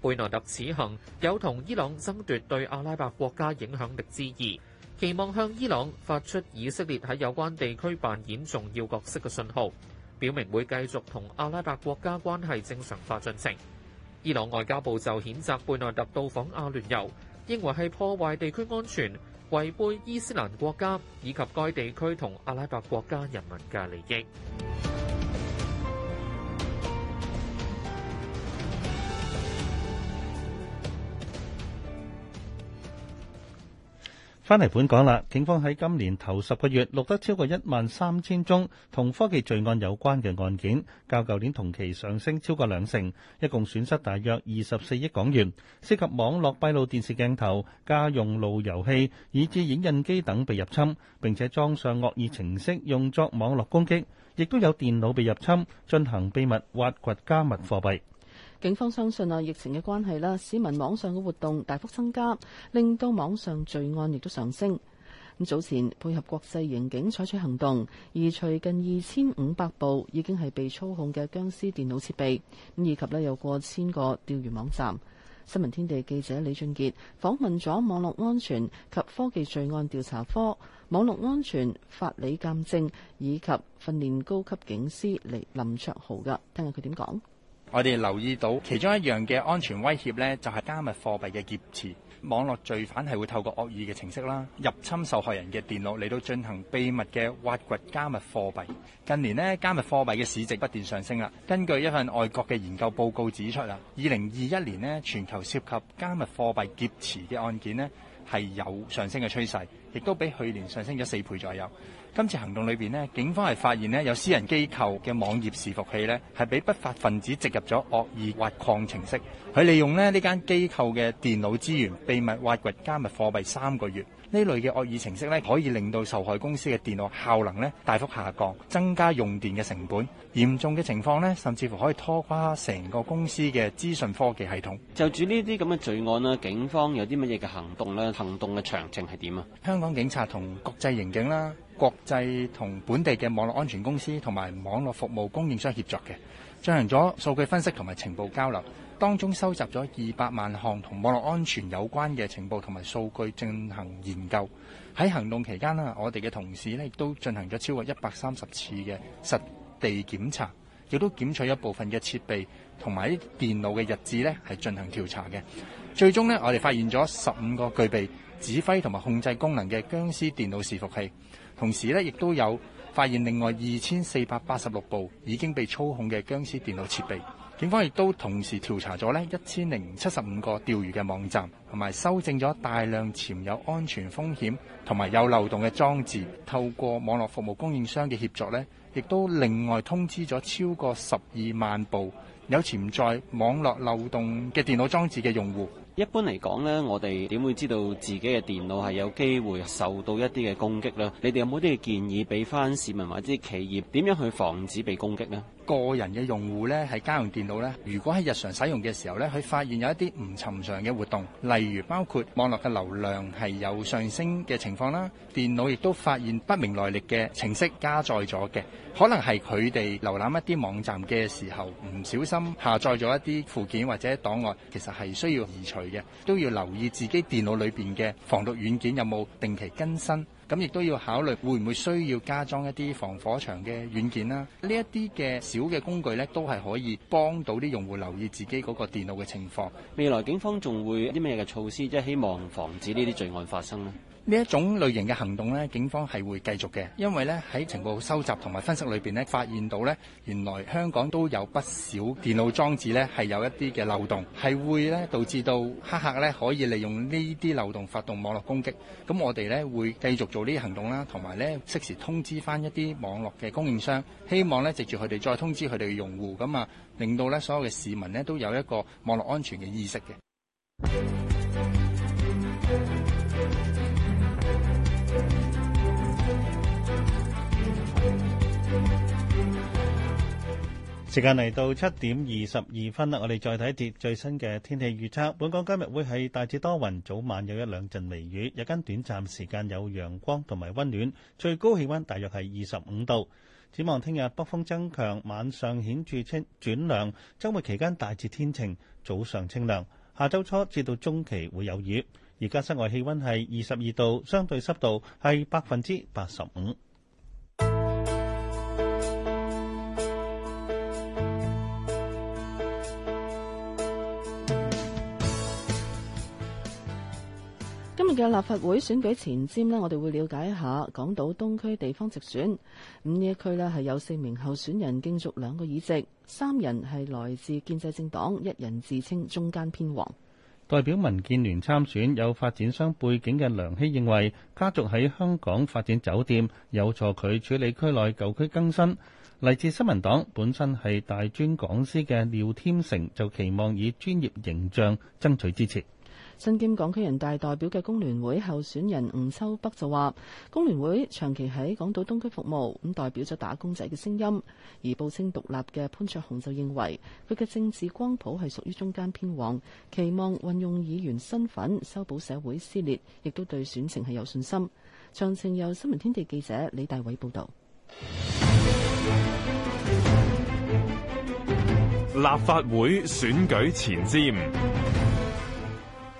貝內特此行有同伊朗爭奪對阿拉伯國家影響力之意，期望向伊朗發出以色列喺有關地區扮演重要角色嘅信號，表明會繼續同阿拉伯國家關係正常化進程。伊朗外交部就譴責貝內特到訪阿聯酋，認為係破壞地區安全，違背伊斯蘭國家以及該地區同阿拉伯國家人民嘅利益。翻嚟本港啦，警方喺今年頭十個月錄得超過一萬三千宗同科技罪案有關嘅案件，較舊年同期上升超過兩成，一共損失大約二十四億港元，涉及網絡閉路電視鏡頭、家用路由器以至影印機等被入侵，並且裝上惡意程式，用作網絡攻擊，亦都有電腦被入侵進行秘密挖掘加密貨幣。警方相信啊，疫情嘅關係啦，市民網上嘅活動大幅增加，令到網上罪案亦都上升。咁早前配合國際刑警採取行動，移除近二千五百部已經係被操控嘅僵屍電腦設備，咁以及咧有過千個釣魚網站。新聞天地記者李俊杰訪問咗網絡安全及科技罪案調查科網絡安全法理鑑證以及訓練高級警司嚟林卓豪嘅，聽下佢點講。我哋留意到其中一樣嘅安全威脅咧，就係加密貨幣嘅劫持。網絡罪犯係會透過惡意嘅程式啦，入侵受害人嘅電腦嚟到進行秘密嘅挖掘加密貨幣。近年呢，加密貨幣嘅市值不斷上升啦。根據一份外國嘅研究報告指出啦，二零二一年呢，全球涉及加密貨幣劫持嘅案件呢係有上升嘅趨勢，亦都比去年上升咗四倍左右。今次行動裏邊咧，警方係發現咧有私人機構嘅網頁伺服器咧，係俾不法分子植入咗惡意挖礦程式。佢利用咧呢間機構嘅電腦資源，秘密挖掘加密貨幣三個月。呢類嘅惡意程式咧，可以令到受害公司嘅電腦效能咧大幅下降，增加用電嘅成本。嚴重嘅情況咧，甚至乎可以拖垮成個公司嘅資訊科技系統。就住呢啲咁嘅罪案咧，警方有啲乜嘢嘅行動咧？行動嘅詳情係點啊？香港警察同國際刑警啦、國際同本地嘅網絡安全公司同埋網絡服務供應商協作嘅，進行咗數據分析同埋情報交流。當中收集咗二百萬項同網絡安全有關嘅情報同埋數據進行研究。喺行動期間啦，我哋嘅同事亦都進行咗超過一百三十次嘅實地檢查，亦都檢取一部分嘅設備同埋啲電腦嘅日誌。呢係進行調查嘅。最終呢，我哋發現咗十五個具備指揮同埋控制功能嘅殭屍電腦伺服器，同時呢，亦都有發現另外二千四百八十六部已經被操控嘅殭屍電腦設備。警方亦都同時調查咗呢一千零七十五個釣魚嘅網站，同埋修正咗大量潛有安全風險同埋有漏洞嘅裝置。透過網絡服務供應商嘅協助，呢亦都另外通知咗超過十二萬部。有潛在網絡漏洞嘅電腦裝置嘅用戶，一般嚟講呢，我哋點會知道自己嘅電腦係有機會受到一啲嘅攻擊呢？你哋有冇啲嘅建議俾翻市民或者企業點樣去防止被攻擊呢？個人嘅用戶呢，係家用電腦呢，如果喺日常使用嘅時候呢，佢發現有一啲唔尋常嘅活動，例如包括網絡嘅流量係有上升嘅情況啦，電腦亦都發現不明來歷嘅程式加載咗嘅，可能係佢哋瀏覽一啲網站嘅時候唔小心。下載咗一啲附件或者檔案，其實係需要移除嘅，都要留意自己電腦裏邊嘅防毒軟件有冇定期更新。咁亦都要考慮會唔會需要加裝一啲防火牆嘅軟件啦。呢一啲嘅小嘅工具呢，都係可以幫到啲用戶留意自己嗰個電腦嘅情況。未來警方仲會啲咩嘅措施，即係希望防止呢啲罪案發生呢？呢一種類型嘅行動呢，警方係會繼續嘅，因為呢喺情報收集同埋分析裏邊呢，發現到呢原來香港都有不少電腦裝置呢係有一啲嘅漏洞，係會呢導致到黑客呢可以利用呢啲漏洞發動網絡攻擊。咁我哋呢會繼續做呢啲行動啦，同埋呢，即時通知翻一啲網絡嘅供應商，希望呢藉住佢哋再通知佢哋嘅用戶，咁啊令到呢所有嘅市民呢都有一個網絡安全嘅意識嘅。時間嚟到七點二十二分啦，我哋再睇一節最新嘅天氣預測。本港今日會係大致多雲，早晚有一兩陣微雨，日間短暫時間有陽光同埋温暖，最高氣溫大約係二十五度。展望聽日北風增強，晚上顯著轉涼。周末期間大致天晴，早上清涼。下周初至到中期會有雨。而家室外氣溫係二十二度，相對濕度係百分之八十五。嘅立法會選舉前瞻呢，我哋會了解一下港島東區地方直選。咁呢一區呢係有四名候選人競逐兩個議席，三人係來自建制政黨，一人自稱中間偏黃。代表民建聯參選、有發展商背景嘅梁熙認為，家族喺香港發展酒店有助佢處理區內舊區更新。嚟自新民黨、本身係大專講師嘅廖天成就期望以專業形象爭取支持。身兼港區人大代表嘅工聯會候選人吳秋北就話：工聯會長期喺港島東區服務，咁代表咗打工仔嘅聲音。而報稱獨立嘅潘卓雄就認為，佢嘅政治光譜係屬於中間偏黃，期望運用議員身份修補社會撕裂，亦都對選情係有信心。詳情由新聞天地記者李大偉報道。立法會選舉前瞻。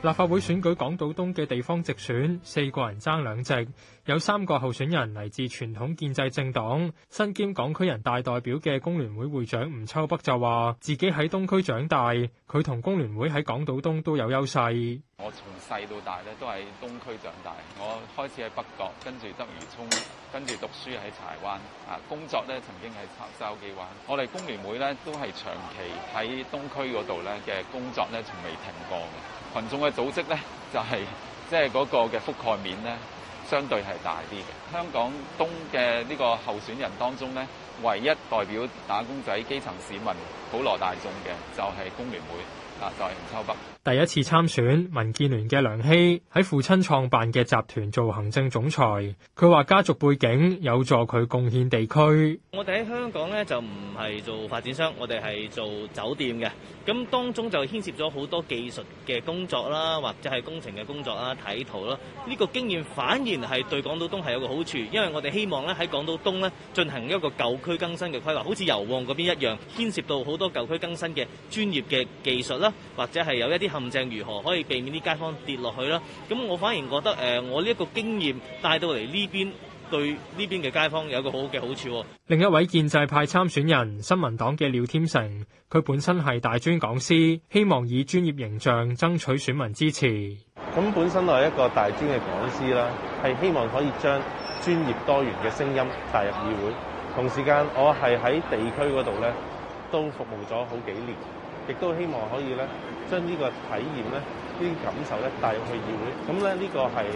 立法會選舉港島東嘅地方直選，四個人爭兩席，有三個候選人嚟自傳統建制政黨。身兼港區人大代表嘅工聯會會長吳秋北就話：自己喺東區長大，佢同工聯會喺港島東都有優勢。我從細到大咧都喺東區長大，我開始喺北角，跟住鰂魚涌，跟住讀書喺柴灣啊，工作咧曾經喺筲箕灣。我哋工聯會咧都係長期喺東區嗰度咧嘅工作咧，從未停過。民眾嘅組織咧、就是，就係即係嗰個嘅覆蓋面咧，相對係大啲嘅。香港東嘅呢個候選人當中咧，唯一代表打工仔、基層市民、普羅大眾嘅，就係工聯會啊，就係吳秋北。第一次參選，民建聯嘅梁希喺父親創辦嘅集團做行政總裁。佢話家族背景有助佢貢獻地區。我哋喺香港呢就唔係做發展商，我哋係做酒店嘅。咁當中就牽涉咗好多技術嘅工作啦，或者係工程嘅工作啦、睇圖啦。呢個經驗反而係對港島東係有個好處，因為我哋希望咧喺港島東呢進行一個舊區更新嘅規劃，好似油旺嗰邊一樣，牽涉到好多舊區更新嘅專業嘅技術啦，或者係有一啲。究竟如何可以避免啲街坊跌落去啦？咁我反而覺得誒，我呢一個經驗帶到嚟呢邊，對呢邊嘅街坊有個好好嘅好處。另一位建制派參選人，新民黨嘅廖天成，佢本身係大專講師，希望以專業形象爭取選民支持。咁本身我係一個大專嘅講師啦，係希望可以將專業多元嘅聲音帶入議會，同時間我係喺地區嗰度咧都服務咗好幾年，亦都希望可以咧。將呢個體驗咧，呢啲感受咧帶入去議會，咁咧呢個係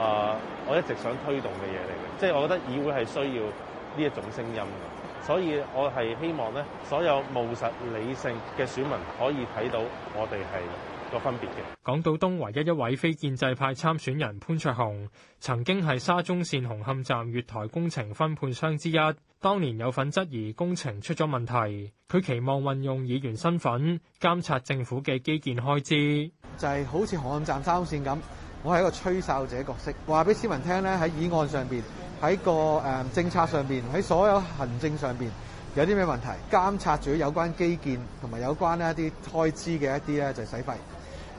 啊、呃、我一直想推動嘅嘢嚟嘅，即、就、係、是、我覺得議會係需要呢一種聲音嘅，所以我係希望咧所有務實理性嘅選民可以睇到我哋係個分別嘅。港島東唯一一位非建制派參選人潘卓雄，曾經係沙中線紅磡站月台工程分判商之一。當年有份質疑工程出咗問題，佢期望運用議員身份監察政府嘅基建開支，就係好似紅磡站三線咁，我係一個吹哨者角色，話俾市民聽咧，喺議案上邊，喺個誒政策上邊，喺所有行政上邊有啲咩問題，監察住有關基建同埋有關咧一啲開支嘅一啲咧就係使費。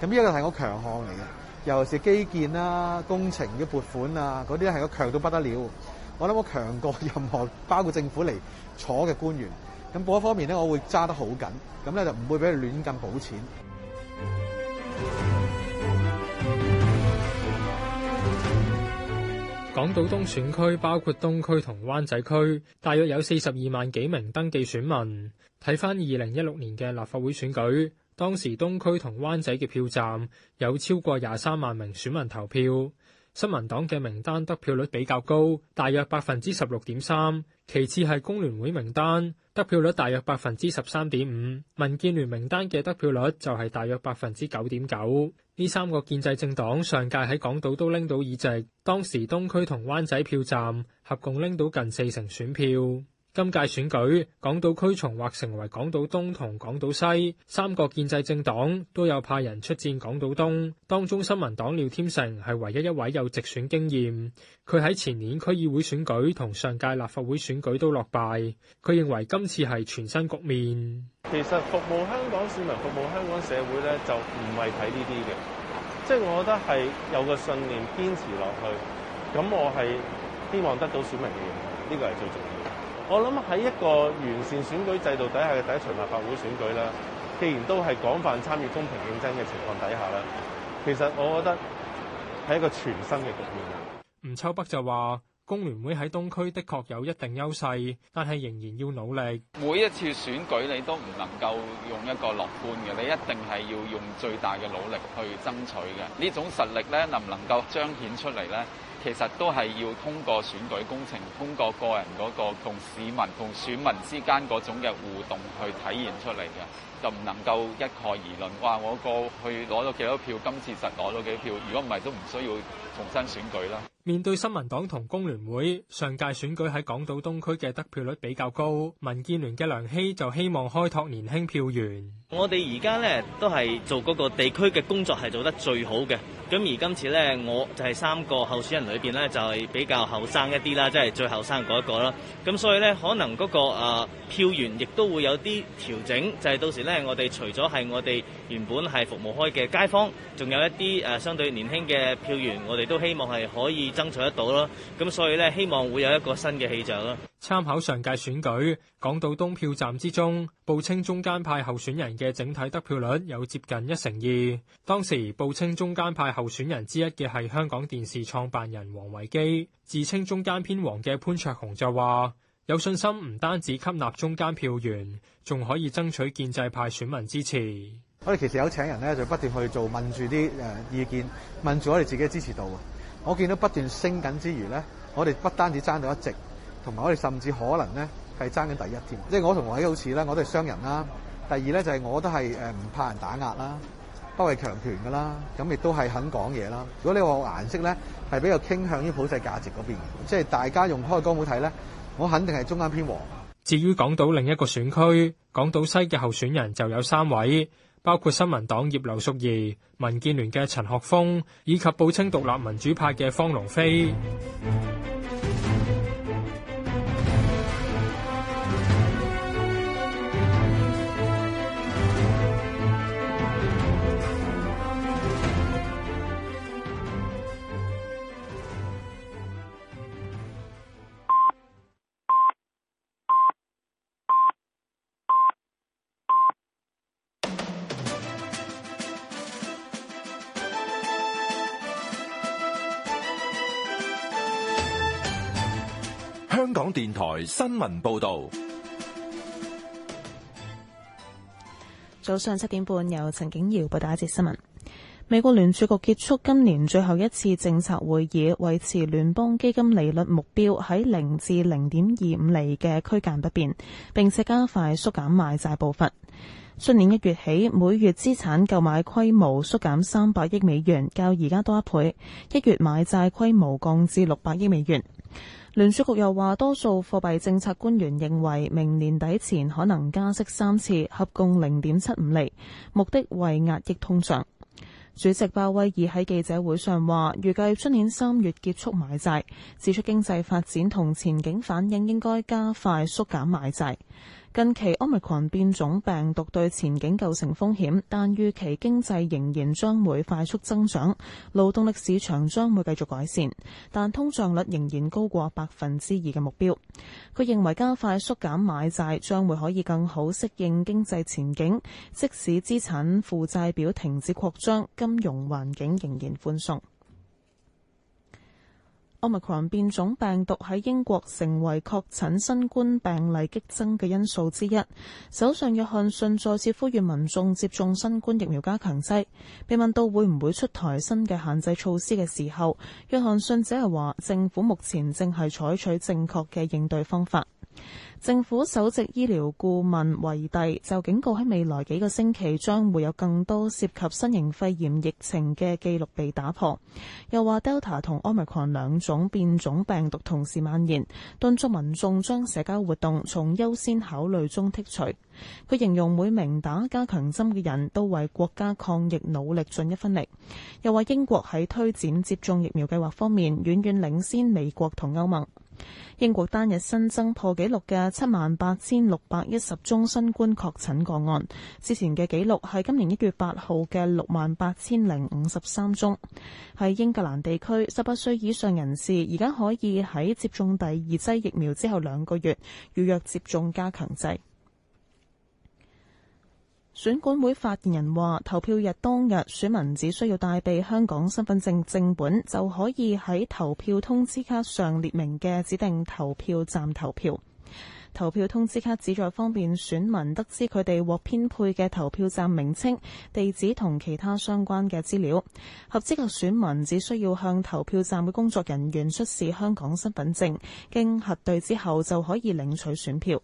咁呢一個係我強項嚟嘅，尤其是基建啦，工程嘅撥款啊，嗰啲係個強到不得了。我諗我強過任何包括政府嚟坐嘅官員，咁嗰一方面咧，我會揸得好緊，咁咧就唔會俾你亂咁補錢。港島東選區包括東區同灣仔區，大約有四十二萬幾名登記選民。睇翻二零一六年嘅立法會選舉，當時東區同灣仔嘅票站有超過廿三萬名選民投票。新民黨嘅名單得票率比較高，大約百分之十六點三；其次係工聯會名單得票率大約百分之十三點五，民建聯名單嘅得票率就係大約百分之九點九。呢三個建制政黨上屆喺港島都拎到議席，當時東區同灣仔票站合共拎到近四成選票。今屆選舉，港島區重劃成為港島東同港島西，三個建制政黨都有派人出戰港島東，當中新民黨廖添誠係唯一一位有直選經驗。佢喺前年區議會選舉同上屆立法會選舉都落敗。佢認為今次係全新局面。其實服務香港市民，服務香港社會呢，就唔係睇呢啲嘅，即係我覺得係有個信念堅持落去，咁我係希望得到選民嘅認同，呢個係最重要。我諗喺一個完善選舉制度底下嘅第一場立法會選舉啦，既然都係廣泛參與、公平競爭嘅情況底下啦，其實我覺得係一個全新嘅局面。吳秋北就話：工聯會喺東區的確有一定優勢，但係仍然要努力。每一次選舉你都唔能夠用一個樂觀嘅，你一定係要用最大嘅努力去爭取嘅。呢種實力咧，能唔能夠彰顯出嚟咧？其實都係要通過選舉工程，通過個人嗰個同市民同選民之間嗰種嘅互動去體現出嚟嘅，就唔能夠一概而論話，我過去攞咗幾多票，今次實攞咗幾多票？如果唔係，都唔需要重新選舉啦。面對新民黨同工聯會上屆選舉喺港島東區嘅得票率比較高，民建聯嘅梁希就希望開拓年輕票源。我哋而家呢都係做嗰個地區嘅工作係做得最好嘅。咁而今次呢，我就係三個候選人裏邊呢，就係、是，比較後生一啲啦，即、就、係、是、最後生嗰一個啦。咁所以呢，可能嗰、那個啊、呃、票源亦都會有啲調整，就係、是、到時呢，我哋除咗係我哋原本係服務開嘅街坊，仲有一啲誒、呃、相對年輕嘅票員，我哋都希望係可以爭取得到咯，咁所以呢，希望會有一個新嘅氣象咯。參考上屆選舉，港島東票站之中，報稱中間派候選人嘅整體得票率有接近一成二。當時報稱中間派候選人之一嘅係香港電視創辦人王維基，自稱中間偏黃嘅潘卓雄就話：有信心唔單止吸納中間票源，仲可以爭取建制派選民支持。我哋其實有請人呢，就不斷去做問住啲誒意見，問住我哋自己嘅支持度。我見到不斷升緊之餘呢，我哋不單止爭到一席，同埋我哋甚至可能呢係爭緊第一添。即係我同黃喜好似呢，我都係商人啦。第二呢，就係、是、我都係誒唔怕人打壓啦，不畏強權㗎啦，咁亦都係肯講嘢啦。如果你話顏色呢，係比較傾向於普世價值嗰邊，即係大家用開光好睇呢，我肯定係中間偏黃。至於港島另一個選區，港島西嘅候選人就有三位。包括新民黨葉劉淑儀、民建聯嘅陳學鋒，以及報稱獨立民主派嘅方龍飛。香港電台新聞報道，早上七點半，由陳景瑤報道一節新聞。美國聯儲局結束今年最後一次政策會議，維持聯邦基金利率目標喺零至零點二五厘嘅區間不變，並且加快縮減買債步伐。今年一月起，每月資產購買規模縮減三百億美元，較而家多一倍。一月買債規模降至六百億美元。聯儲局又話，多數貨幣政策官員認為，明年底前可能加息三次，合共零點七五厘，目的為壓抑通脹。主席鮑威爾喺記者會上話，預計出年三月結束買債，指出經濟發展同前景反應應該加快縮減買債。近期奧密克戎變種病毒對前景構成風險，但預期經濟仍然將會快速增長，勞動力市場將會繼續改善，但通脹率仍然高過百分之二嘅目標，佢認為加快縮減買債將會可以更好適應經濟前景，即使資產負債表停止擴張，金融環境仍然寬鬆。奧密克戎變種病毒喺英國成為確診新冠病例激增嘅因素之一。首相約翰遜再次呼籲民眾接種新冠疫苗加強劑。被問到會唔會出台新嘅限制措施嘅時候，約翰遜只係話政府目前正係採取正確嘅應對方法。政府首席醫療顧問維蒂就警告喺未來幾個星期將會有更多涉及新型肺炎疫情嘅記錄被打破，又話 Delta 同 Omicron 兩種變種病毒同時蔓延，敦促民眾將社交活動從優先考慮中剔除。佢形容每名打加強針嘅人都為國家抗疫努力盡一分力，又話英國喺推展接種疫苗計劃方面遠遠領先美國同歐盟。英國單日新增破紀錄嘅七萬八千六百一十宗新冠確診個案，之前嘅紀錄係今年一月八號嘅六萬八千零五十三宗。喺英格蘭地區，十八歲以上人士而家可以喺接種第二劑疫苗之後兩個月，預約接種加強劑。選管會發言人話：投票日當日，選民只需要帶備香港身份證正本，就可以喺投票通知卡上列明嘅指定投票站投票。投票通知卡旨在方便選民得知佢哋獲編配嘅投票站名稱、地址同其他相關嘅資料。合資格選民只需要向投票站嘅工作人員出示香港身份證，經核對之後就可以領取選票。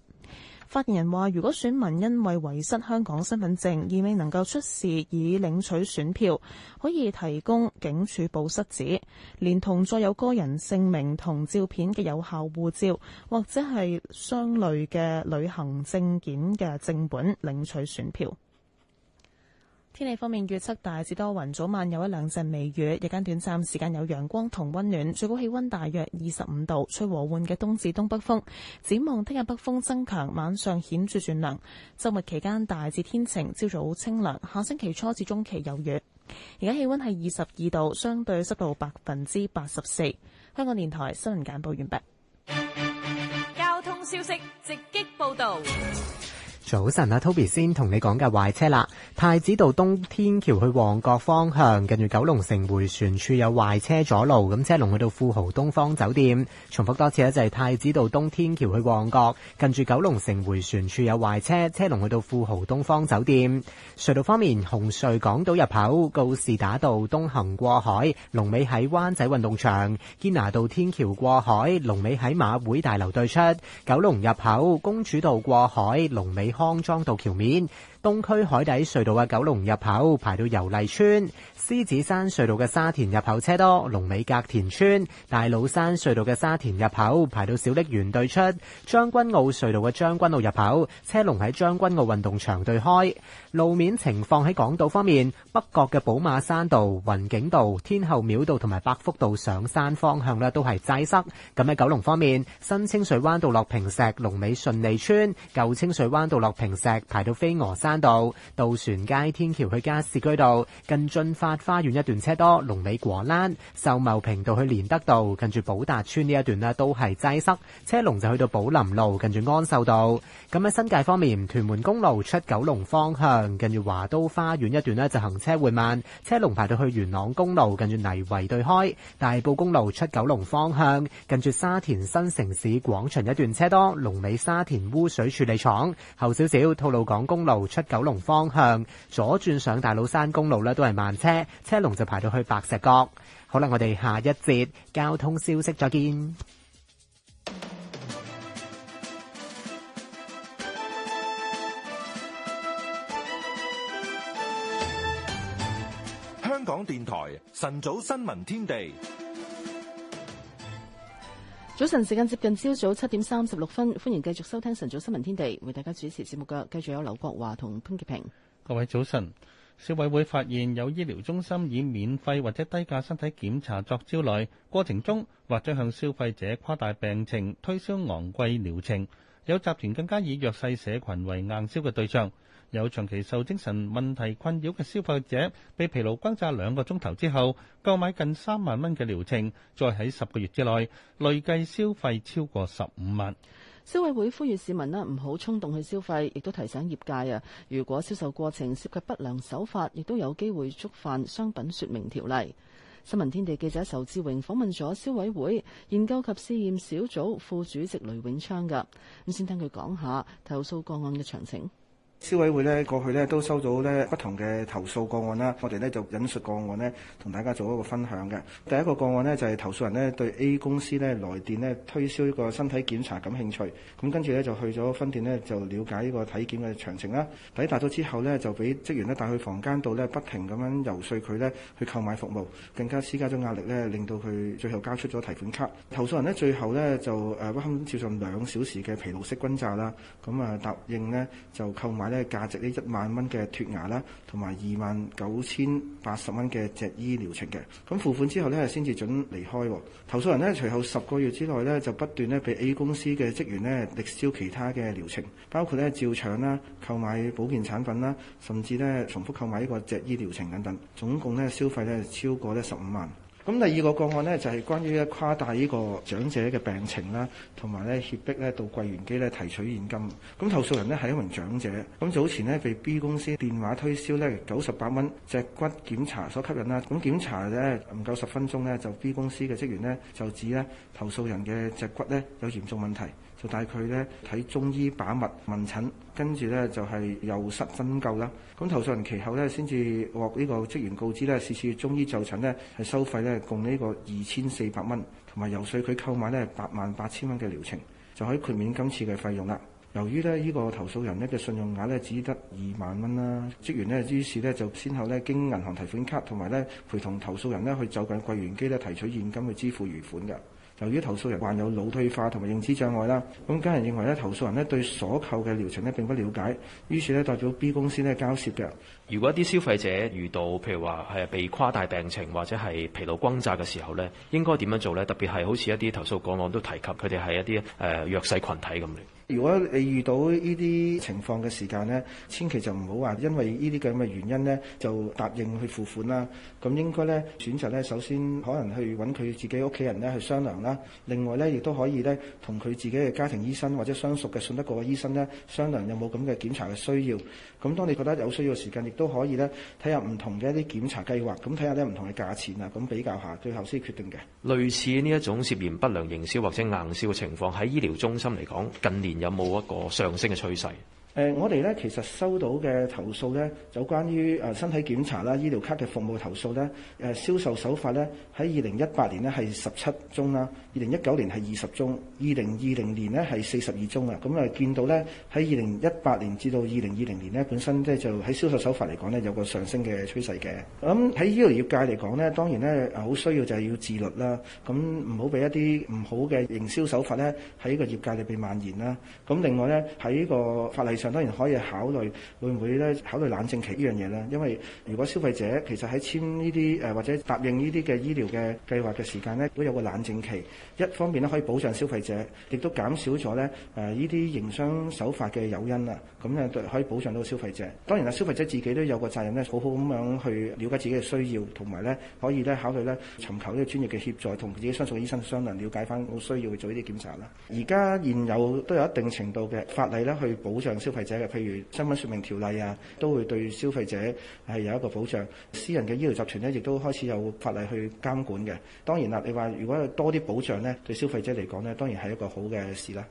發言人話：如果選民因為遺失香港身份證而未能夠出示以領取選票，可以提供警署報失紙，連同載有個人姓名同照片嘅有效護照或者係相類嘅旅行證件嘅正本領取選票。天氣方面預測大致多雲，早晚有一兩陣微雨，日間短暫時間有陽光同溫暖，最高氣溫大約二十五度，吹和緩嘅東至東北風。展望聽日北風增強，晚上顯著轉涼。周末期間大致天晴，朝早好清涼。下星期初至中期有雨。而家氣溫係二十二度，相對濕度百分之八十四。香港電台新聞簡報完畢。交通消息直擊報道。早晨啊，Toby 先同你講嘅壞車啦。太子道東天橋去旺角方向，近住九龍城回旋處有壞車阻路，咁車龍去到富豪東方酒店。重複多次啦，就係太子道東天橋去旺角，近住九龍城回旋處有壞車，車龍去到富豪東方酒店。隧道方面，紅隧港島入口告士打道東行過海，龍尾喺灣仔運動場；堅拿道天橋過海，龍尾喺馬會大樓對出；九龍入口公主道過海，龍尾。康莊道橋面。東區海底隧道嘅九龍入口排到油麗村，獅子山隧道嘅沙田入口車多，龍尾隔田村；大老山隧道嘅沙田入口排到小瀝源對出，將軍澳隧道嘅將軍澳入口車龍喺將軍澳運動場對開，路面情況喺港島方面，北角嘅寶馬山道、雲景道、天后廟道同埋百福道上山方向咧都係擠塞。咁喺九龍方面，新清水灣道落坪石、龍尾順利村，舊清水灣道落坪石排到飛鵝山。道渡船街天橋去加士居道，近駿發花園一段車多；龍尾果欄，秀茂坪道去連德道，近住寶達村呢一段咧都係擠塞，車龍就去到寶林路，近住安秀道。咁喺新界方面，屯門公路出九龍方向，近住華都花園一段咧就行車會慢，車龍排到去元朗公路，近住泥圍對開；大埔公路出九龍方向，近住沙田新城市廣場一段車多，龍尾沙田污水處理廠後少少，吐露港公路。七九龍方向左轉上大老山公路咧，都係慢車，車龍就排到去白石角。好啦，我哋下一節交通消息再見。香港電台晨早新聞天地。早晨，時間接近朝早七點三十六分，歡迎繼續收聽晨早新聞天地，為大家主持節目嘅，繼續有劉國華同潘潔平。各位早晨，消委會發現有醫療中心以免費或者低價身體檢查作招徠，過程中或者向消費者誇大病情，推銷昂貴療程，有集團更加以弱勢社群為硬銷嘅對象。有長期受精神問題困擾嘅消費者，被疲勞轟炸兩個鐘頭之後，購買近三萬蚊嘅療程，再喺十個月之內累計消費超過十五萬。消委會呼籲市民咧，唔好衝動去消費，亦都提醒業界啊，如果銷售過程涉及不良手法，亦都有機會觸犯商品説明條例。新聞天地記者仇志榮訪問咗消委會研究及試驗小組副主席雷永昌。噶咁先聽佢講下投訴個案嘅詳情。消委會咧過去咧都收到咧不同嘅投訴個案啦，我哋咧就引述個案呢，同大家做一個分享嘅。第一個個案呢，就係投訴人呢對 A 公司呢來電呢推銷一個身體檢查感興趣，咁跟住咧就去咗分店呢，就了解呢個體檢嘅詳情啦。抵達咗之後呢，就俾職員呢帶去房間度呢，不停咁樣游說佢呢去購買服務，更加施加咗壓力呢，令到佢最後交出咗提款卡。投訴人呢，最後呢就誒不堪接受兩小時嘅疲勞式轟炸啦，咁啊答應呢就購買。咧價值呢一萬蚊嘅脫牙啦，同埋二萬九千八十蚊嘅脊醫療程嘅。咁付款之後咧，先至準離開。投訴人咧，隨後十個月之內咧，就不斷咧畀 A 公司嘅職員咧力銷其他嘅療程，包括咧照腸啦、購買保健產品啦，甚至咧重複購買呢個脊醫療程等等，總共咧消費咧超過咧十五萬。咁第二個個案呢，就係關於誒誇大呢個長者嘅病情啦，同埋咧脅迫咧到櫃員機咧提取現金。咁投訴人呢係一名長者，咁早前呢被 B 公司電話推銷咧九十八蚊脊骨檢查所吸引啦。咁檢查咧唔夠十分鐘咧，就 B 公司嘅職員呢就指咧投訴人嘅脊骨咧有嚴重問題。就帶佢咧睇中醫把脈問診，跟住咧就係又失針灸啦。咁投訴人其後咧先至獲呢個職員告知咧，次次中醫就診咧係收費咧共呢個二千四百蚊，同埋游說佢購買咧八萬八千蚊嘅療程，就可以豁免今次嘅費用啦。由於咧呢、呢個投訴人咧嘅信用額咧只得二萬蚊啦，職員呢於是咧就先後咧經銀行提款卡同埋咧陪同投訴人呢去就近櫃員機咧提取現金去支付餘款嘅。由於投訴人患有腦退化同埋認知障礙啦，咁家人認為咧，投訴人咧對所購嘅療程咧並不了解，於是咧代表 B 公司咧交涉嘅。如果一啲消費者遇到譬如話係被誇大病情或者係疲勞轟炸嘅時候咧，應該點樣做咧？特別係好似一啲投訴個案都提及佢哋係一啲誒弱勢群體咁樣。如果你遇到呢啲情況嘅時間咧，千祈就唔好話，因為呢啲咁嘅原因咧，就答應去付款啦。咁應該咧選擇咧，首先可能去揾佢自己屋企人咧去商量啦。另外咧，亦都可以咧同佢自己嘅家庭醫生或者相熟嘅信得過嘅醫生咧商量有冇咁嘅檢查嘅需要。咁當你覺得有需要嘅時間亦都可以咧睇下唔同嘅一啲檢查計劃，咁睇下啲唔同嘅價錢啊，咁比較下，最後先決定嘅。類似呢一種涉嫌不良營銷或者硬銷嘅情況喺醫療中心嚟講近年有冇一個上升嘅趨勢？誒、呃，我哋咧其實收到嘅投訴咧，就關於誒身體檢查啦、醫療卡嘅服務投訴咧、誒、呃、銷售手法咧，喺二零一八年咧係十七宗啦。二零一九年係二十宗，二零二零年呢係四十二宗啊！咁啊，見到呢，喺二零一八年至到二零二零年呢，本身即係就喺銷售手法嚟講呢，有個上升嘅趨勢嘅。咁喺醫療業界嚟講呢，當然呢，好需要就係要自律啦，咁唔好俾一啲唔好嘅營銷手法呢，喺呢個業界裏邊蔓延啦。咁另外呢，喺呢個法例上，當然可以考慮會唔會呢考慮冷靜期呢樣嘢呢？因為如果消費者其實喺簽呢啲誒或者答應呢啲嘅醫療嘅計劃嘅時間呢，都有個冷靜期。一方面咧，可以保障消費者，亦都減少咗咧，誒依啲營商手法嘅誘因啊，咁樣對可以保障到消費者。當然啦，消費者自己都有個責任咧，好好咁樣去了解自己嘅需要，同埋咧可以咧考慮咧尋求呢個專業嘅協助，同自己相熟嘅醫生商量，了解翻我需要去做呢啲檢查啦。而家現有都有一定程度嘅法例咧去保障消費者嘅，譬如新聞說明條例啊，都會對消費者係有一個保障。私人嘅醫療集團咧亦都開始有法例去監管嘅。當然啦，你話如果有多啲保障對消費者嚟講呢，當然係一個好嘅事啦。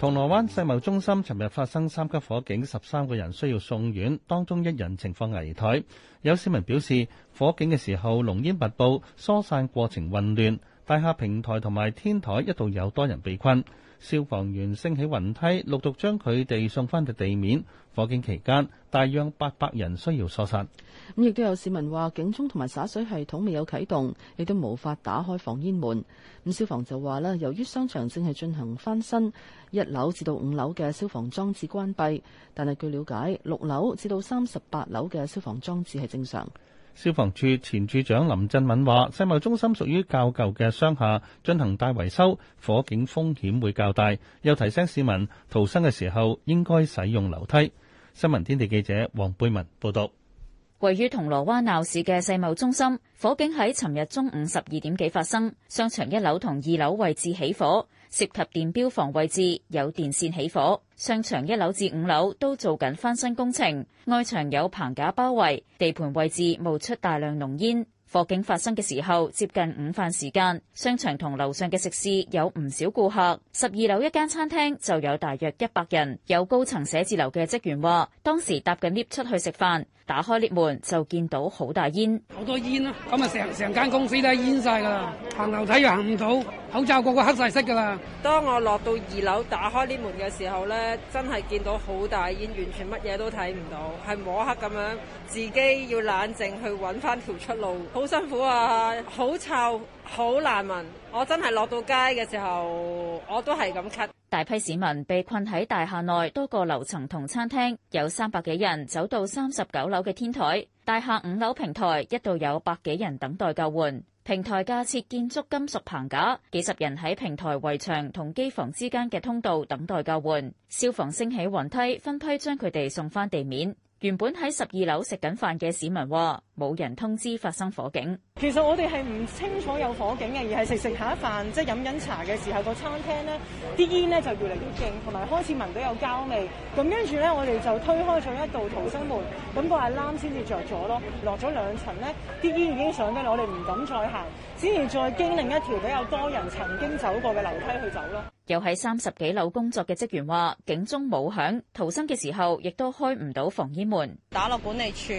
銅鑼灣世貿中心尋日發生三級火警，十三個人需要送院，當中一人情況危殆。有市民表示，火警嘅時候濃煙密布，疏散過程混亂，大廈平台同埋天台一度有多人被困。消防員升起雲梯，陸續將佢哋送翻到地面。火警期間，大約八百人需要疏散。咁亦都有市民話警鐘同埋灑水系統未有啟動，亦都無法打開防煙門。咁消防就話啦，由於商場正係進行翻新，一樓至到五樓嘅消防裝置關閉，但係據了解，六樓至到三十八樓嘅消防裝置係正常。消防處前處長林振敏話：世貿中心屬於較舊嘅商廈，進行大維修，火警風險會較大。又提醒市民逃生嘅時候應該使用樓梯。新聞天地記者黃貝文報道。位於銅鑼灣鬧市嘅世貿中心火警喺尋日中午十二點幾發生，商場一樓同二樓位置起火。涉及電表房位置有電線起火，商場一樓至五樓都做緊翻新工程，外牆有棚架包圍，地盤位置冒出大量濃煙。火警發生嘅時候接近午飯時間，商場同樓上嘅食肆有唔少顧客，十二樓一間餐廳就有大約一百人。有高層寫字樓嘅職員話，當時搭緊 lift 出去食飯。打開呢門就見到好大煙，好多煙啊。咁啊，成成間公司都係煙晒噶啦，行樓梯又行唔到，口罩個個黑晒色噶啦。當我落到二樓打開呢門嘅時候咧，真係見到好大煙，完全乜嘢都睇唔到，係摸黑咁樣，自己要冷靜去搵翻條出路，好辛苦啊，好臭。好難聞！我真係落到街嘅時候，我都係咁咳。大批市民被困喺大廈內多個樓層同餐廳，有三百幾人走到三十九樓嘅天台。大廈五樓平台一度有百幾人等待救援。平台架設建築金屬棚架，幾十人喺平台圍牆同機房之間嘅通道等待救援。消防升起雲梯，分批將佢哋送翻地面。原本喺十二樓食緊飯嘅市民話。冇人通知發生火警，其實我哋係唔清楚有火警嘅，而係食食下一飯即係、就是、飲緊茶嘅時候，個餐廳咧啲煙咧就越嚟越勁，同埋開始聞到有焦味。咁跟住咧，我哋就推開咗一道逃生門，咁、個阿欖先至着咗咯。落咗兩層咧，啲煙已經上緊嚟，我哋唔敢再行，先至再經另一條比較多人曾經走過嘅樓梯去走咯。又喺三十幾樓工作嘅職員話：警鐘冇響，逃生嘅時候亦都開唔到防煙門，打落管理處，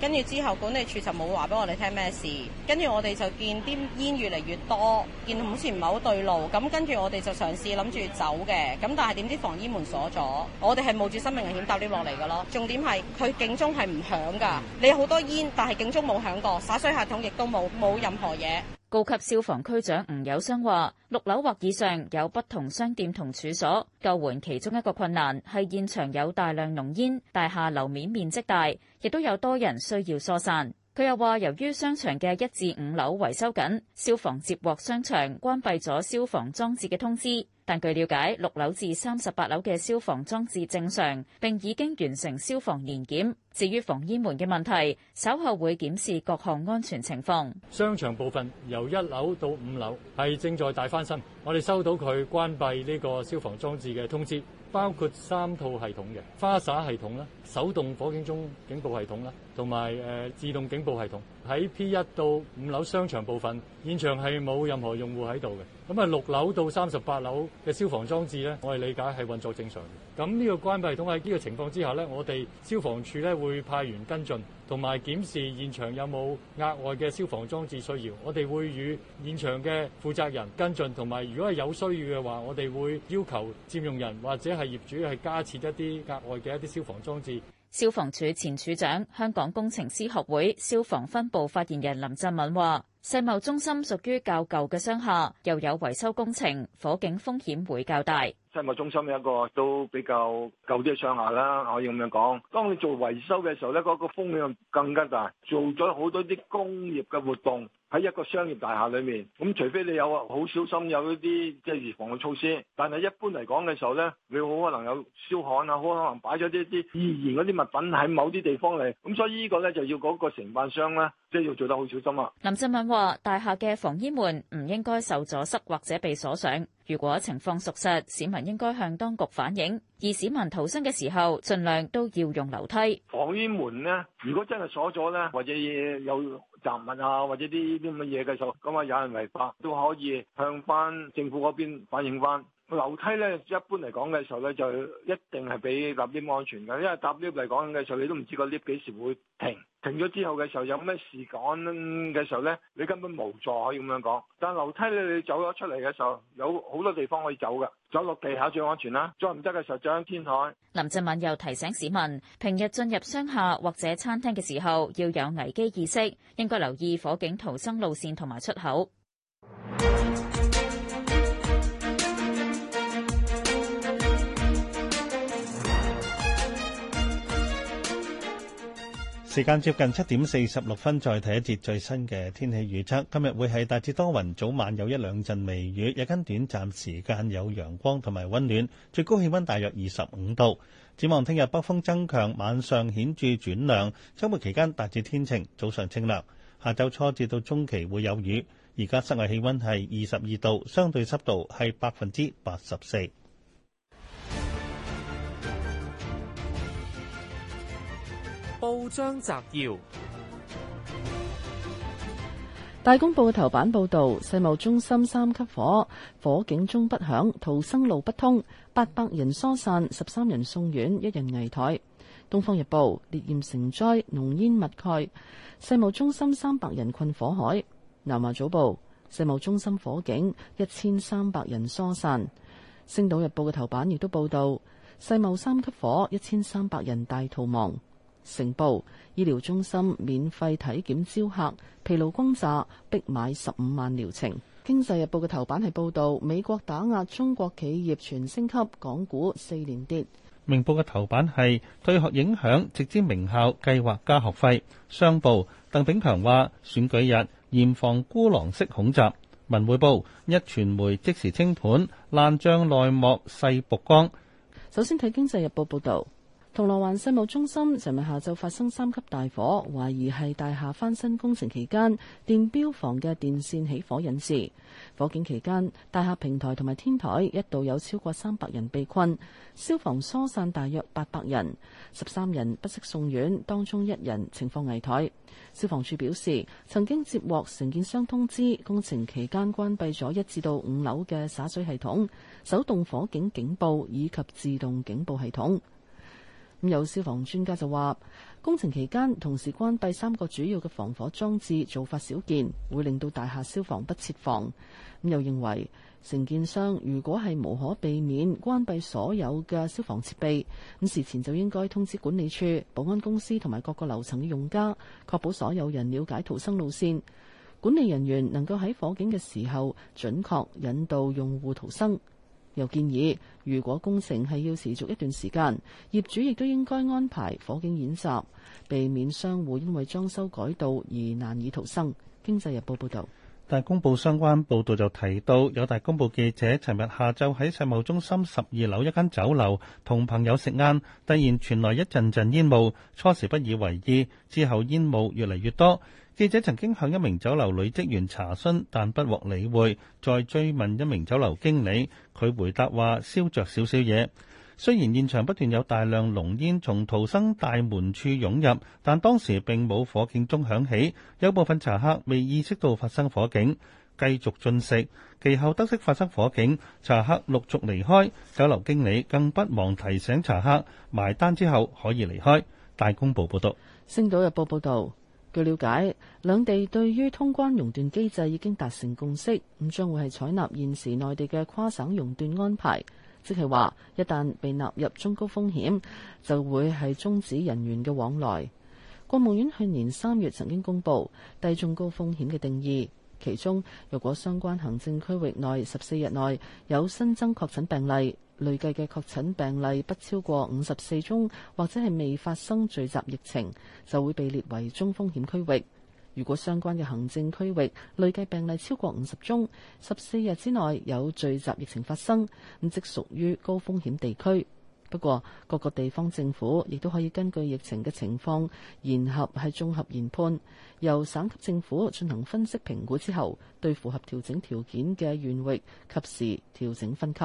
跟住之後管理，就冇話俾我哋聽咩事，跟住我哋就見啲煙越嚟越多，見好似唔係好對路咁，跟住我哋就嘗試諗住走嘅，咁但係點知防煙門鎖咗，我哋係冒住生命危險搭 lift 落嚟噶咯。重點係佢警鐘係唔響㗎，你好多煙，但係警鐘冇響過，灑水系統亦都冇冇任何嘢。高級消防區長吳友商話：六樓或以上有不同商店同處所，救援其中一個困難係現場有大量濃煙，大廈樓面面積大，亦都有多人需要疏散。佢又話，由於商場嘅一至五樓維修緊，消防接獲商場關閉咗消防裝置嘅通知，但據了解，六樓至三十八樓嘅消防裝置正常，並已經完成消防年檢。至於防煙門嘅問題，稍後會檢視各項安全情況。商場部分由一樓到五樓係正在大翻新，我哋收到佢關閉呢個消防裝置嘅通知，包括三套系統嘅花灑系統啦、手動火警鐘警報系統啦，同埋誒自動警報系統喺 P 一到五樓商場部分，現場係冇任何用戶喺度嘅。咁啊，六樓到三十八樓嘅消防裝置咧，我哋理解係運作正常嘅。咁呢個關閉系統喺呢個情況之下呢，我哋消防處呢會派員跟進，同埋檢視現場有冇額外嘅消防裝置需要。我哋會與現場嘅負責人跟進，同埋如果係有需要嘅話，我哋會要求佔用人或者係業主係加設一啲額外嘅一啲消防裝置。消防處前處長、香港工程師學會消防分部發言人林振敏話：世貿中心屬於較舊嘅商廈，又有維修工程，火警風險會較大。生物中心有一個都比較舊啲嘅商廈啦，可以咁樣講。當你做維修嘅時候咧，嗰個風險更加大。做咗好多啲工業嘅活動。喺一個商業大廈裏面，咁除非你有好小心有啲即係預防嘅措施，但係一般嚟講嘅時候咧，你好可能有燒焊啊，好可能擺咗啲啲易燃嗰啲物品喺某啲地方嚟，咁所以個呢個咧就要嗰個承辦商咧，即係要做得好小心啊。林振敏話：大廈嘅防煙門唔應該受阻塞或者被鎖上。如果情況屬實，市民應該向當局反映。而市民逃生嘅時候，儘量都要用樓梯。防煙門咧，如果真係鎖咗咧，或者有雜物啊，或者啲啲咁嘅嘢嘅時候，咁啊有人違法都可以向翻政府嗰邊反映翻。樓梯咧，一般嚟講嘅時候咧，就一定係比搭 lift 安全噶因為搭 lift 嚟講嘅時候，你都唔知個 lift 幾時會停，停咗之後嘅時候有咩事講嘅時候咧，你根本無助可以咁樣講。但係樓梯你走咗出嚟嘅時候，有好多地方可以走噶走落地下最安全啦。再唔得嘅時候，就喺天台。林振文又提醒市民，平日進入商廈或者餐廳嘅時候，要有危機意識，應該留意火警逃生路綫同埋出口。時間接近七點四十六分，再睇一節最新嘅天氣預測。今日會係大致多雲，早晚有一兩陣微雨，日間短暫時間有陽光同埋溫暖，最高氣溫大約二十五度。展望聽日北風增強，晚上顯著轉涼。周末期間大致天晴，早上清涼，下週初至到中期會有雨。而家室外氣溫係二十二度，相對濕度係百分之八十四。報章摘要：大公報嘅頭版報道，世貿中心三級火，火警鐘不響，逃生路不通，八百人疏散，十三人送院，一人危殆。東方日報烈焰成災，濃煙密蓋，世貿中心三百人困火海。南華早報世貿中心火警，一千三百人疏散。星島日報嘅頭版亦都報道，世貿三級火，一千三百人大逃亡。成報醫療中心免費體檢招客，疲勞轟炸逼買十五萬療程。經濟日報嘅頭版係報道美國打壓中國企業全升級，港股四連跌。明報嘅頭版係退學影響，直資名校計劃加學費。商報鄧炳強話選舉日嚴防孤狼式恐襲。文匯報壹傳媒即時清盤，爛賬內幕細曝光。首先睇經濟日報報道。銅鑼灣世貿中心尋日下晝發生三級大火，懷疑係大廈翻新工程期間電錶房嘅電線起火引致。火警期間，大廈平台同埋天台一度有超過三百人被困，消防疏散大約八百人，十三人不適送院，當中一人情況危殆。消防處表示，曾經接獲承建商通知，工程期間關閉咗一至到五樓嘅灑水系統、手動火警警報以及自動警報系統。咁有消防專家就話，工程期間同時關閉三個主要嘅防火裝置，做法少見，會令到大廈消防不設防。咁又認為，承建商如果係無可避免關閉所有嘅消防設備，咁事前就應該通知管理處、保安公司同埋各個樓層嘅用家，確保所有人了解逃生路線，管理人員能夠喺火警嘅時候準確引導用戶逃生。又建議，如果工程係要持續一段時間，業主亦都應該安排火警演習，避免商戶因為裝修改道而難以逃生。經濟日報報導，大公報相關報導就提到，有大公報記者尋日下晝喺世貿中心十二樓一間酒樓同朋友食晏，突然傳來一陣陣煙霧，初時不以為意，之後煙霧越嚟越多。記者曾經向一名酒樓女職員查詢，但不獲理會。再追問一名酒樓經理，佢回答話燒着少少嘢。雖然現場不斷有大量濃煙從逃生大門處湧入，但當時並冇火警鐘響起。有部分茶客未意識到發生火警，繼續進食。其後得悉發生火警，茶客陸續離開。酒樓經理更不忘提醒茶客埋單之後可以離開。大公報報導，《星島日報》報道。據了解，兩地對於通關熔斷機制已經達成共識，咁將會係採納現時內地嘅跨省熔斷安排。即係話，一旦被納入中高風險，就會係終止人員嘅往來。國務院去年三月曾經公布低中高風險嘅定義，其中若果相關行政區域內十四日內有新增確診病例，累計嘅確診病例不超過五十四宗，或者係未發生聚集疫情，就會被列為中風險區域。如果相關嘅行政區域累計病例超過五十宗，十四日之內有聚集疫情發生，咁即屬於高風險地區。不過，各個地方政府亦都可以根據疫情嘅情況，然後係綜合研判，由省級政府進行分析評估之後，對符合調整條件嘅縣域，及時調整分級。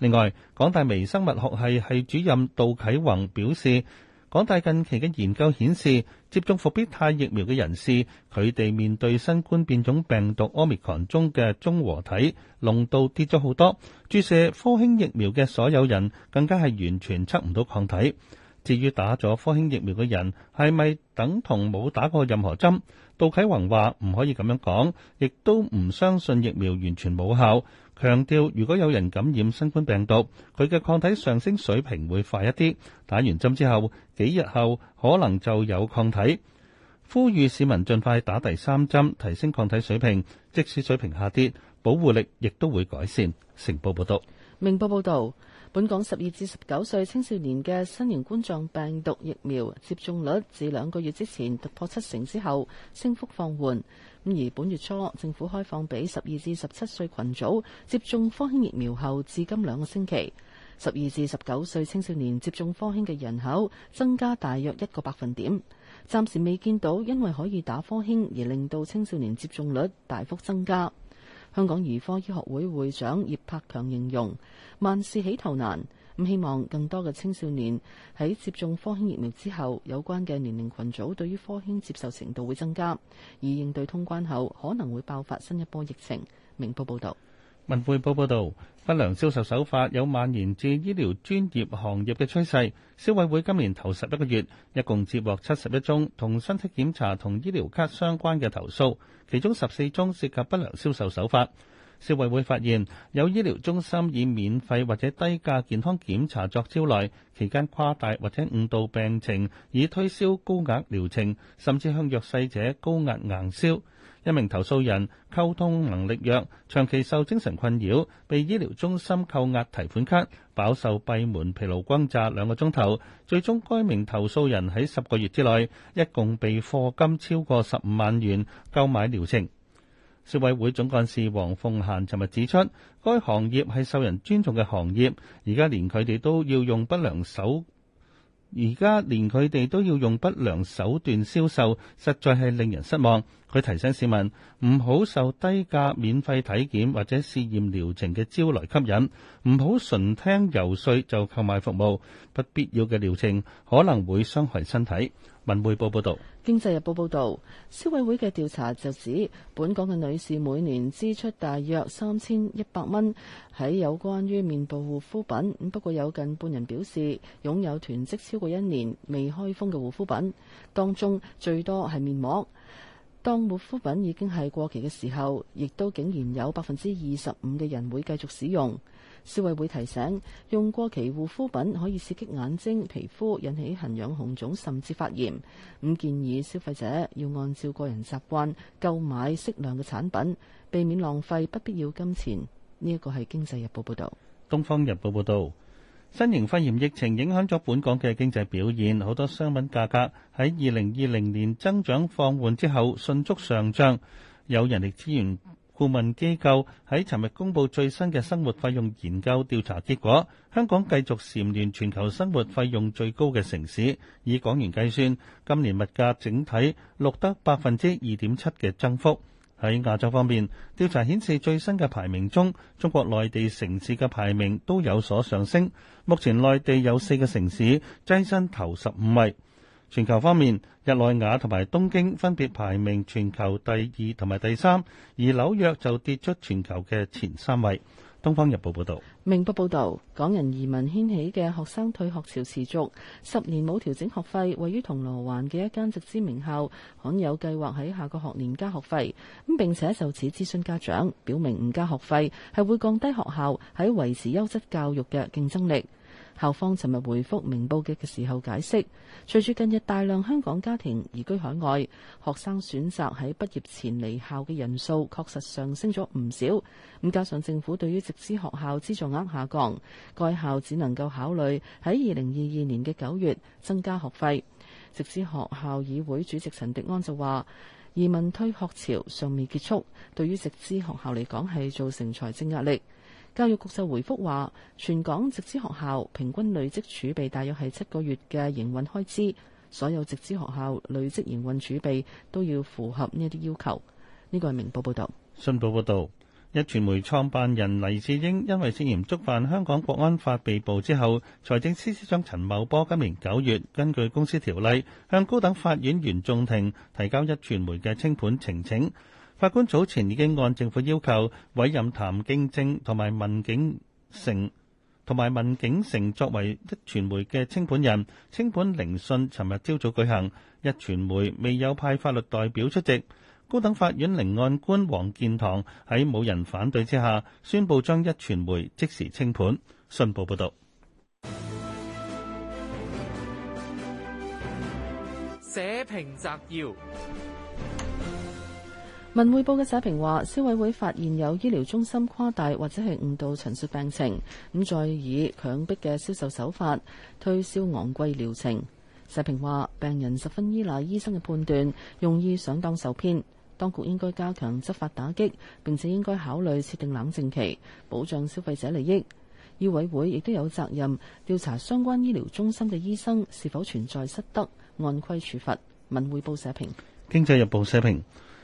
另外，港大微生物學系系主任杜啟宏表示，港大近期嘅研究顯示，接種復必泰疫苗嘅人士，佢哋面對新冠變種病毒奧密克戎中嘅中和體濃度跌咗好多。注射科興疫苗嘅所有人更加係完全測唔到抗體。至於打咗科興疫苗嘅人係咪等同冇打過任何針？杜啟宏話唔可以咁樣講，亦都唔相信疫苗完全冇效。強調，如果有人感染新冠病毒，佢嘅抗體上升水平會快一啲。打完針之後，幾日後可能就有抗體。呼籲市民盡快打第三針，提升抗體水平。即使水平下跌，保護力亦都會改善。成報報道，明報報道：「本港十二至十九歲青少年嘅新型冠狀病毒疫苗接種率自兩個月之前突破七成之後，升幅放緩。」咁而本月初政府開放俾十二至十七歲群組接種科興疫苗後至今兩個星期，十二至十九歲青少年接種科興嘅人口增加大約一個百分點，暫時未見到因為可以打科興而令到青少年接種率大幅增加。香港兒科醫學會會長葉柏強形容：萬事起頭難。咁希望更多嘅青少年喺接種科興疫苗之後，有關嘅年齡群組對於科興接受程度會增加，而應對通關後可能會爆發新一波疫情。明報報道，文匯報報道，不良銷售手法有蔓延至醫療專、專業行業嘅趨勢。消委會今年頭十一個月，一共接獲七十一宗同身體檢查同醫療卡相關嘅投訴，其中十四宗涉及不良銷售手法。消委會發現，有醫療中心以免費或者低價健康檢查作招徠，期間誇大或者誤導病情，以推銷高額療程，甚至向弱勢者高額硬銷。一名投訴人溝通能力弱，長期受精神困擾，被醫療中心扣押提款卡，飽受閉門疲勞轟炸兩個鐘頭，最終該名投訴人喺十個月之內一共被課金超過十五萬元購買療程。消委會總幹事黃鳳嫻尋日指出，該行業係受人尊重嘅行業，而家連佢哋都要用不良手，而家連佢哋都要用不良手段銷售，實在係令人失望。佢提醒市民，唔好受低價免費體檢或者試驗療程嘅招來吸引，唔好純聽遊說就購買服務，不必要嘅療程可能會傷害身體。文匯報報道，經濟日報報道，消委會嘅調查就指，本港嘅女士每年支出大約三千一百蚊，喺有關於面部護膚品。不過有近半人表示擁有囤積超過一年未開封嘅護膚品，當中最多係面膜。當護膚品已經係過期嘅時候，亦都竟然有百分之二十五嘅人會繼續使用。消委會提醒，用過期護膚品可以刺激眼睛、皮膚引起痕癢紅腫甚至發炎。咁建議消費者要按照個人習慣購買適量嘅產品，避免浪費不必要金錢，呢一個係經濟日報報道。東方日報報道，新型肺炎疫情影響咗本港嘅經濟表現，好多商品價格喺二零二零年增長放緩之後迅速上漲，有人力資源。顧問機構喺尋日公布最新嘅生活費用研究調查結果，香港繼續蟬聯全球生活費用最高嘅城市，以港元計算，今年物價整體錄得百分之二點七嘅增幅。喺亞洲方面，調查顯示最新嘅排名中，中國內地城市嘅排名都有所上升，目前內地有四個城市躋身頭十五位。全球方面，日內瓦同埋東京分別排名全球第二同埋第三，而紐約就跌出全球嘅前三位。《東方日報》報道，明報報道，港人移民掀起嘅學生退學潮持續，十年冇調整學費，位於銅鑼灣嘅一間直資名校，罕有計劃喺下個學年加學費，咁並且就此諮詢家長，表明唔加學費係會降低學校喺維持優質教育嘅競爭力。校方尋日回覆明報嘅時候解釋，隨住近日大量香港家庭移居海外，學生選擇喺畢業前離校嘅人數確實上升咗唔少。咁加上政府對於直資學校資助額下降，該校只能夠考慮喺二零二二年嘅九月增加學費。直資學校議會主席陳迪安就話：移民退學潮尚未結束，對於直資學校嚟講係造成財政壓力。教育局就回覆話，全港直資學校平均累積儲備大約係七個月嘅營運開支，所有直資學校累積營運儲備都要符合呢一啲要求。呢個係明報報導。信報報導，一傳媒創辦人黎智英因為涉嫌觸犯香港國安法被捕之後，財政司司長陳茂波今年九月根據公司條例向高等法院原訟庭提交一傳媒嘅清盤呈請。法官早前已經按政府要求委任譚敬正同埋文景成同埋文景成作為一傳媒嘅清盤人，清盤聆訊尋日朝早舉行，一傳媒未有派法律代表出席。高等法院聆案官黃建堂喺冇人反對之下，宣布將一傳媒即時清盤。信報報道。社評摘要。文匯報嘅社評話，消委會發現有醫療中心誇大或者係誤導陳述病情，咁再以強迫嘅銷售手法推銷昂貴療程。社評話，病人十分依賴醫生嘅判斷，容易上當受騙。當局應該加強執法打擊，並且應該考慮設定冷靜期，保障消費者利益。醫委會亦都有責任調查相關醫療中心嘅醫生是否存在失德，按規處罰。文匯報社評，經濟日報社評。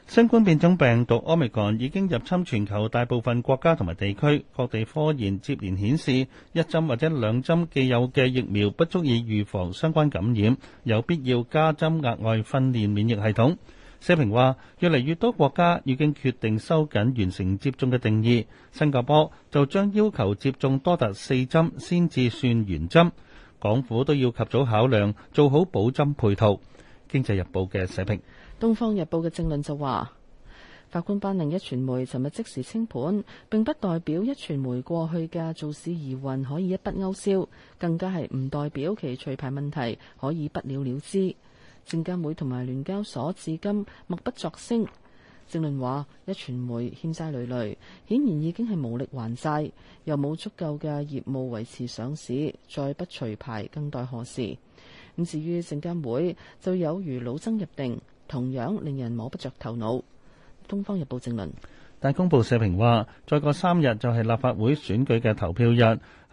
新冠變種病毒奧密克戎已經入侵全球大部分國家同埋地區，各地科研接連顯示一針或者兩針既有嘅疫苗不足以預防相關感染，有必要加針額外訓練免疫系統。社評話，越嚟越多國家已經決定收緊完成接種嘅定義，新加坡就將要求接種多達四針先至算完針。港府都要及早考量，做好保針配套。經濟日報嘅社評。《東方日報》嘅政論就話，法官判另一傳媒尋日即時清盤，并不代表一傳媒過去嘅造市疑雲可以一筆勾銷，更加係唔代表其除牌問題可以不了了之。證監會同埋聯交所至今默不作聲。政論話，一傳媒欠債累累，顯然已經係無力還債，又冇足夠嘅業務維持上市，再不除牌更待何時？咁至於證監會，就有如老僧入定。同樣令人摸不着頭腦。《東方日報》正論。大公報社評話，再過三日就係立法會選舉嘅投票日，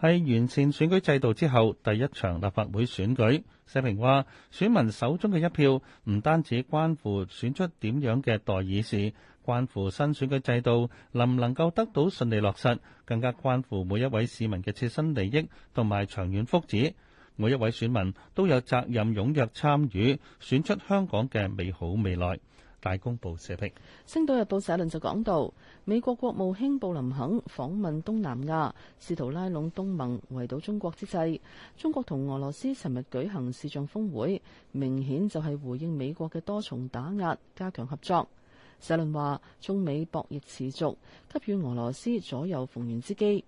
係完善選舉制度之後第一場立法會選舉。社評話，選民手中嘅一票唔單止關乎選出點樣嘅代議士，關乎新選舉制度能唔能夠得到順利落實，更加關乎每一位市民嘅切身利益同埋長遠福祉。每一位選民都有責任踴躍參與，選出香港嘅美好未來。大公報社評。《星島日報》社論就講到，美國國務卿布林肯訪問東南亞，試圖拉攏東盟圍堵中國之際，中國同俄羅斯尋日舉行視像峰會，明顯就係回應美國嘅多重打壓，加強合作。社論話，中美博弈持續給予俄羅斯左右逢源之機，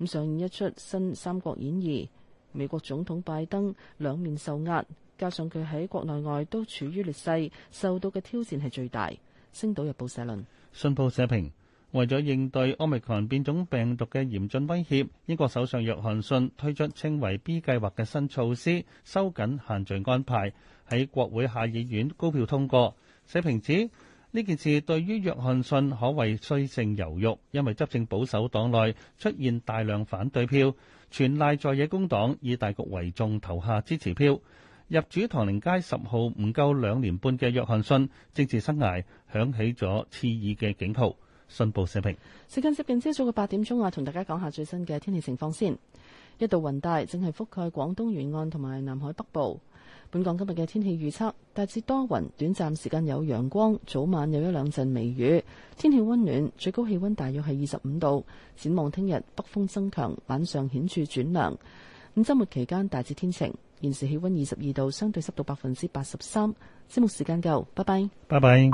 咁上演一出新《三國演義》。美國總統拜登兩面受壓，加上佢喺國內外都處於劣勢，受到嘅挑戰係最大。星島日報社論，信報社評：為咗應對奧密克戎變種病毒嘅嚴峻威脅，英國首相約翰遜推出稱為 B 計劃嘅新措施，收緊限聚安排，喺國會下議院高票通過。社評指呢件事對於約翰遜可謂雖勝猶豫，因為執政保守黨內出現大量反對票。全賴在野工黨以大局為重投下支持票，入主唐寧街十號唔夠兩年半嘅約翰遜政治生涯響起咗刺耳嘅警號。信報社評。時間接近朝早嘅八點鐘啊，同大家講下最新嘅天氣情況先。一道雲帶正係覆蓋廣東沿岸同埋南海北部。本港今日嘅天氣預測大致多雲，短暫時間有陽光，早晚有一兩陣微雨。天氣溫暖，最高氣溫大約係二十五度。展望聽日北風增強，晚上顯著轉涼。咁周末期間大致天晴。現時氣溫二十二度，相對濕度百分之八十三。節目時間夠，拜拜。拜拜。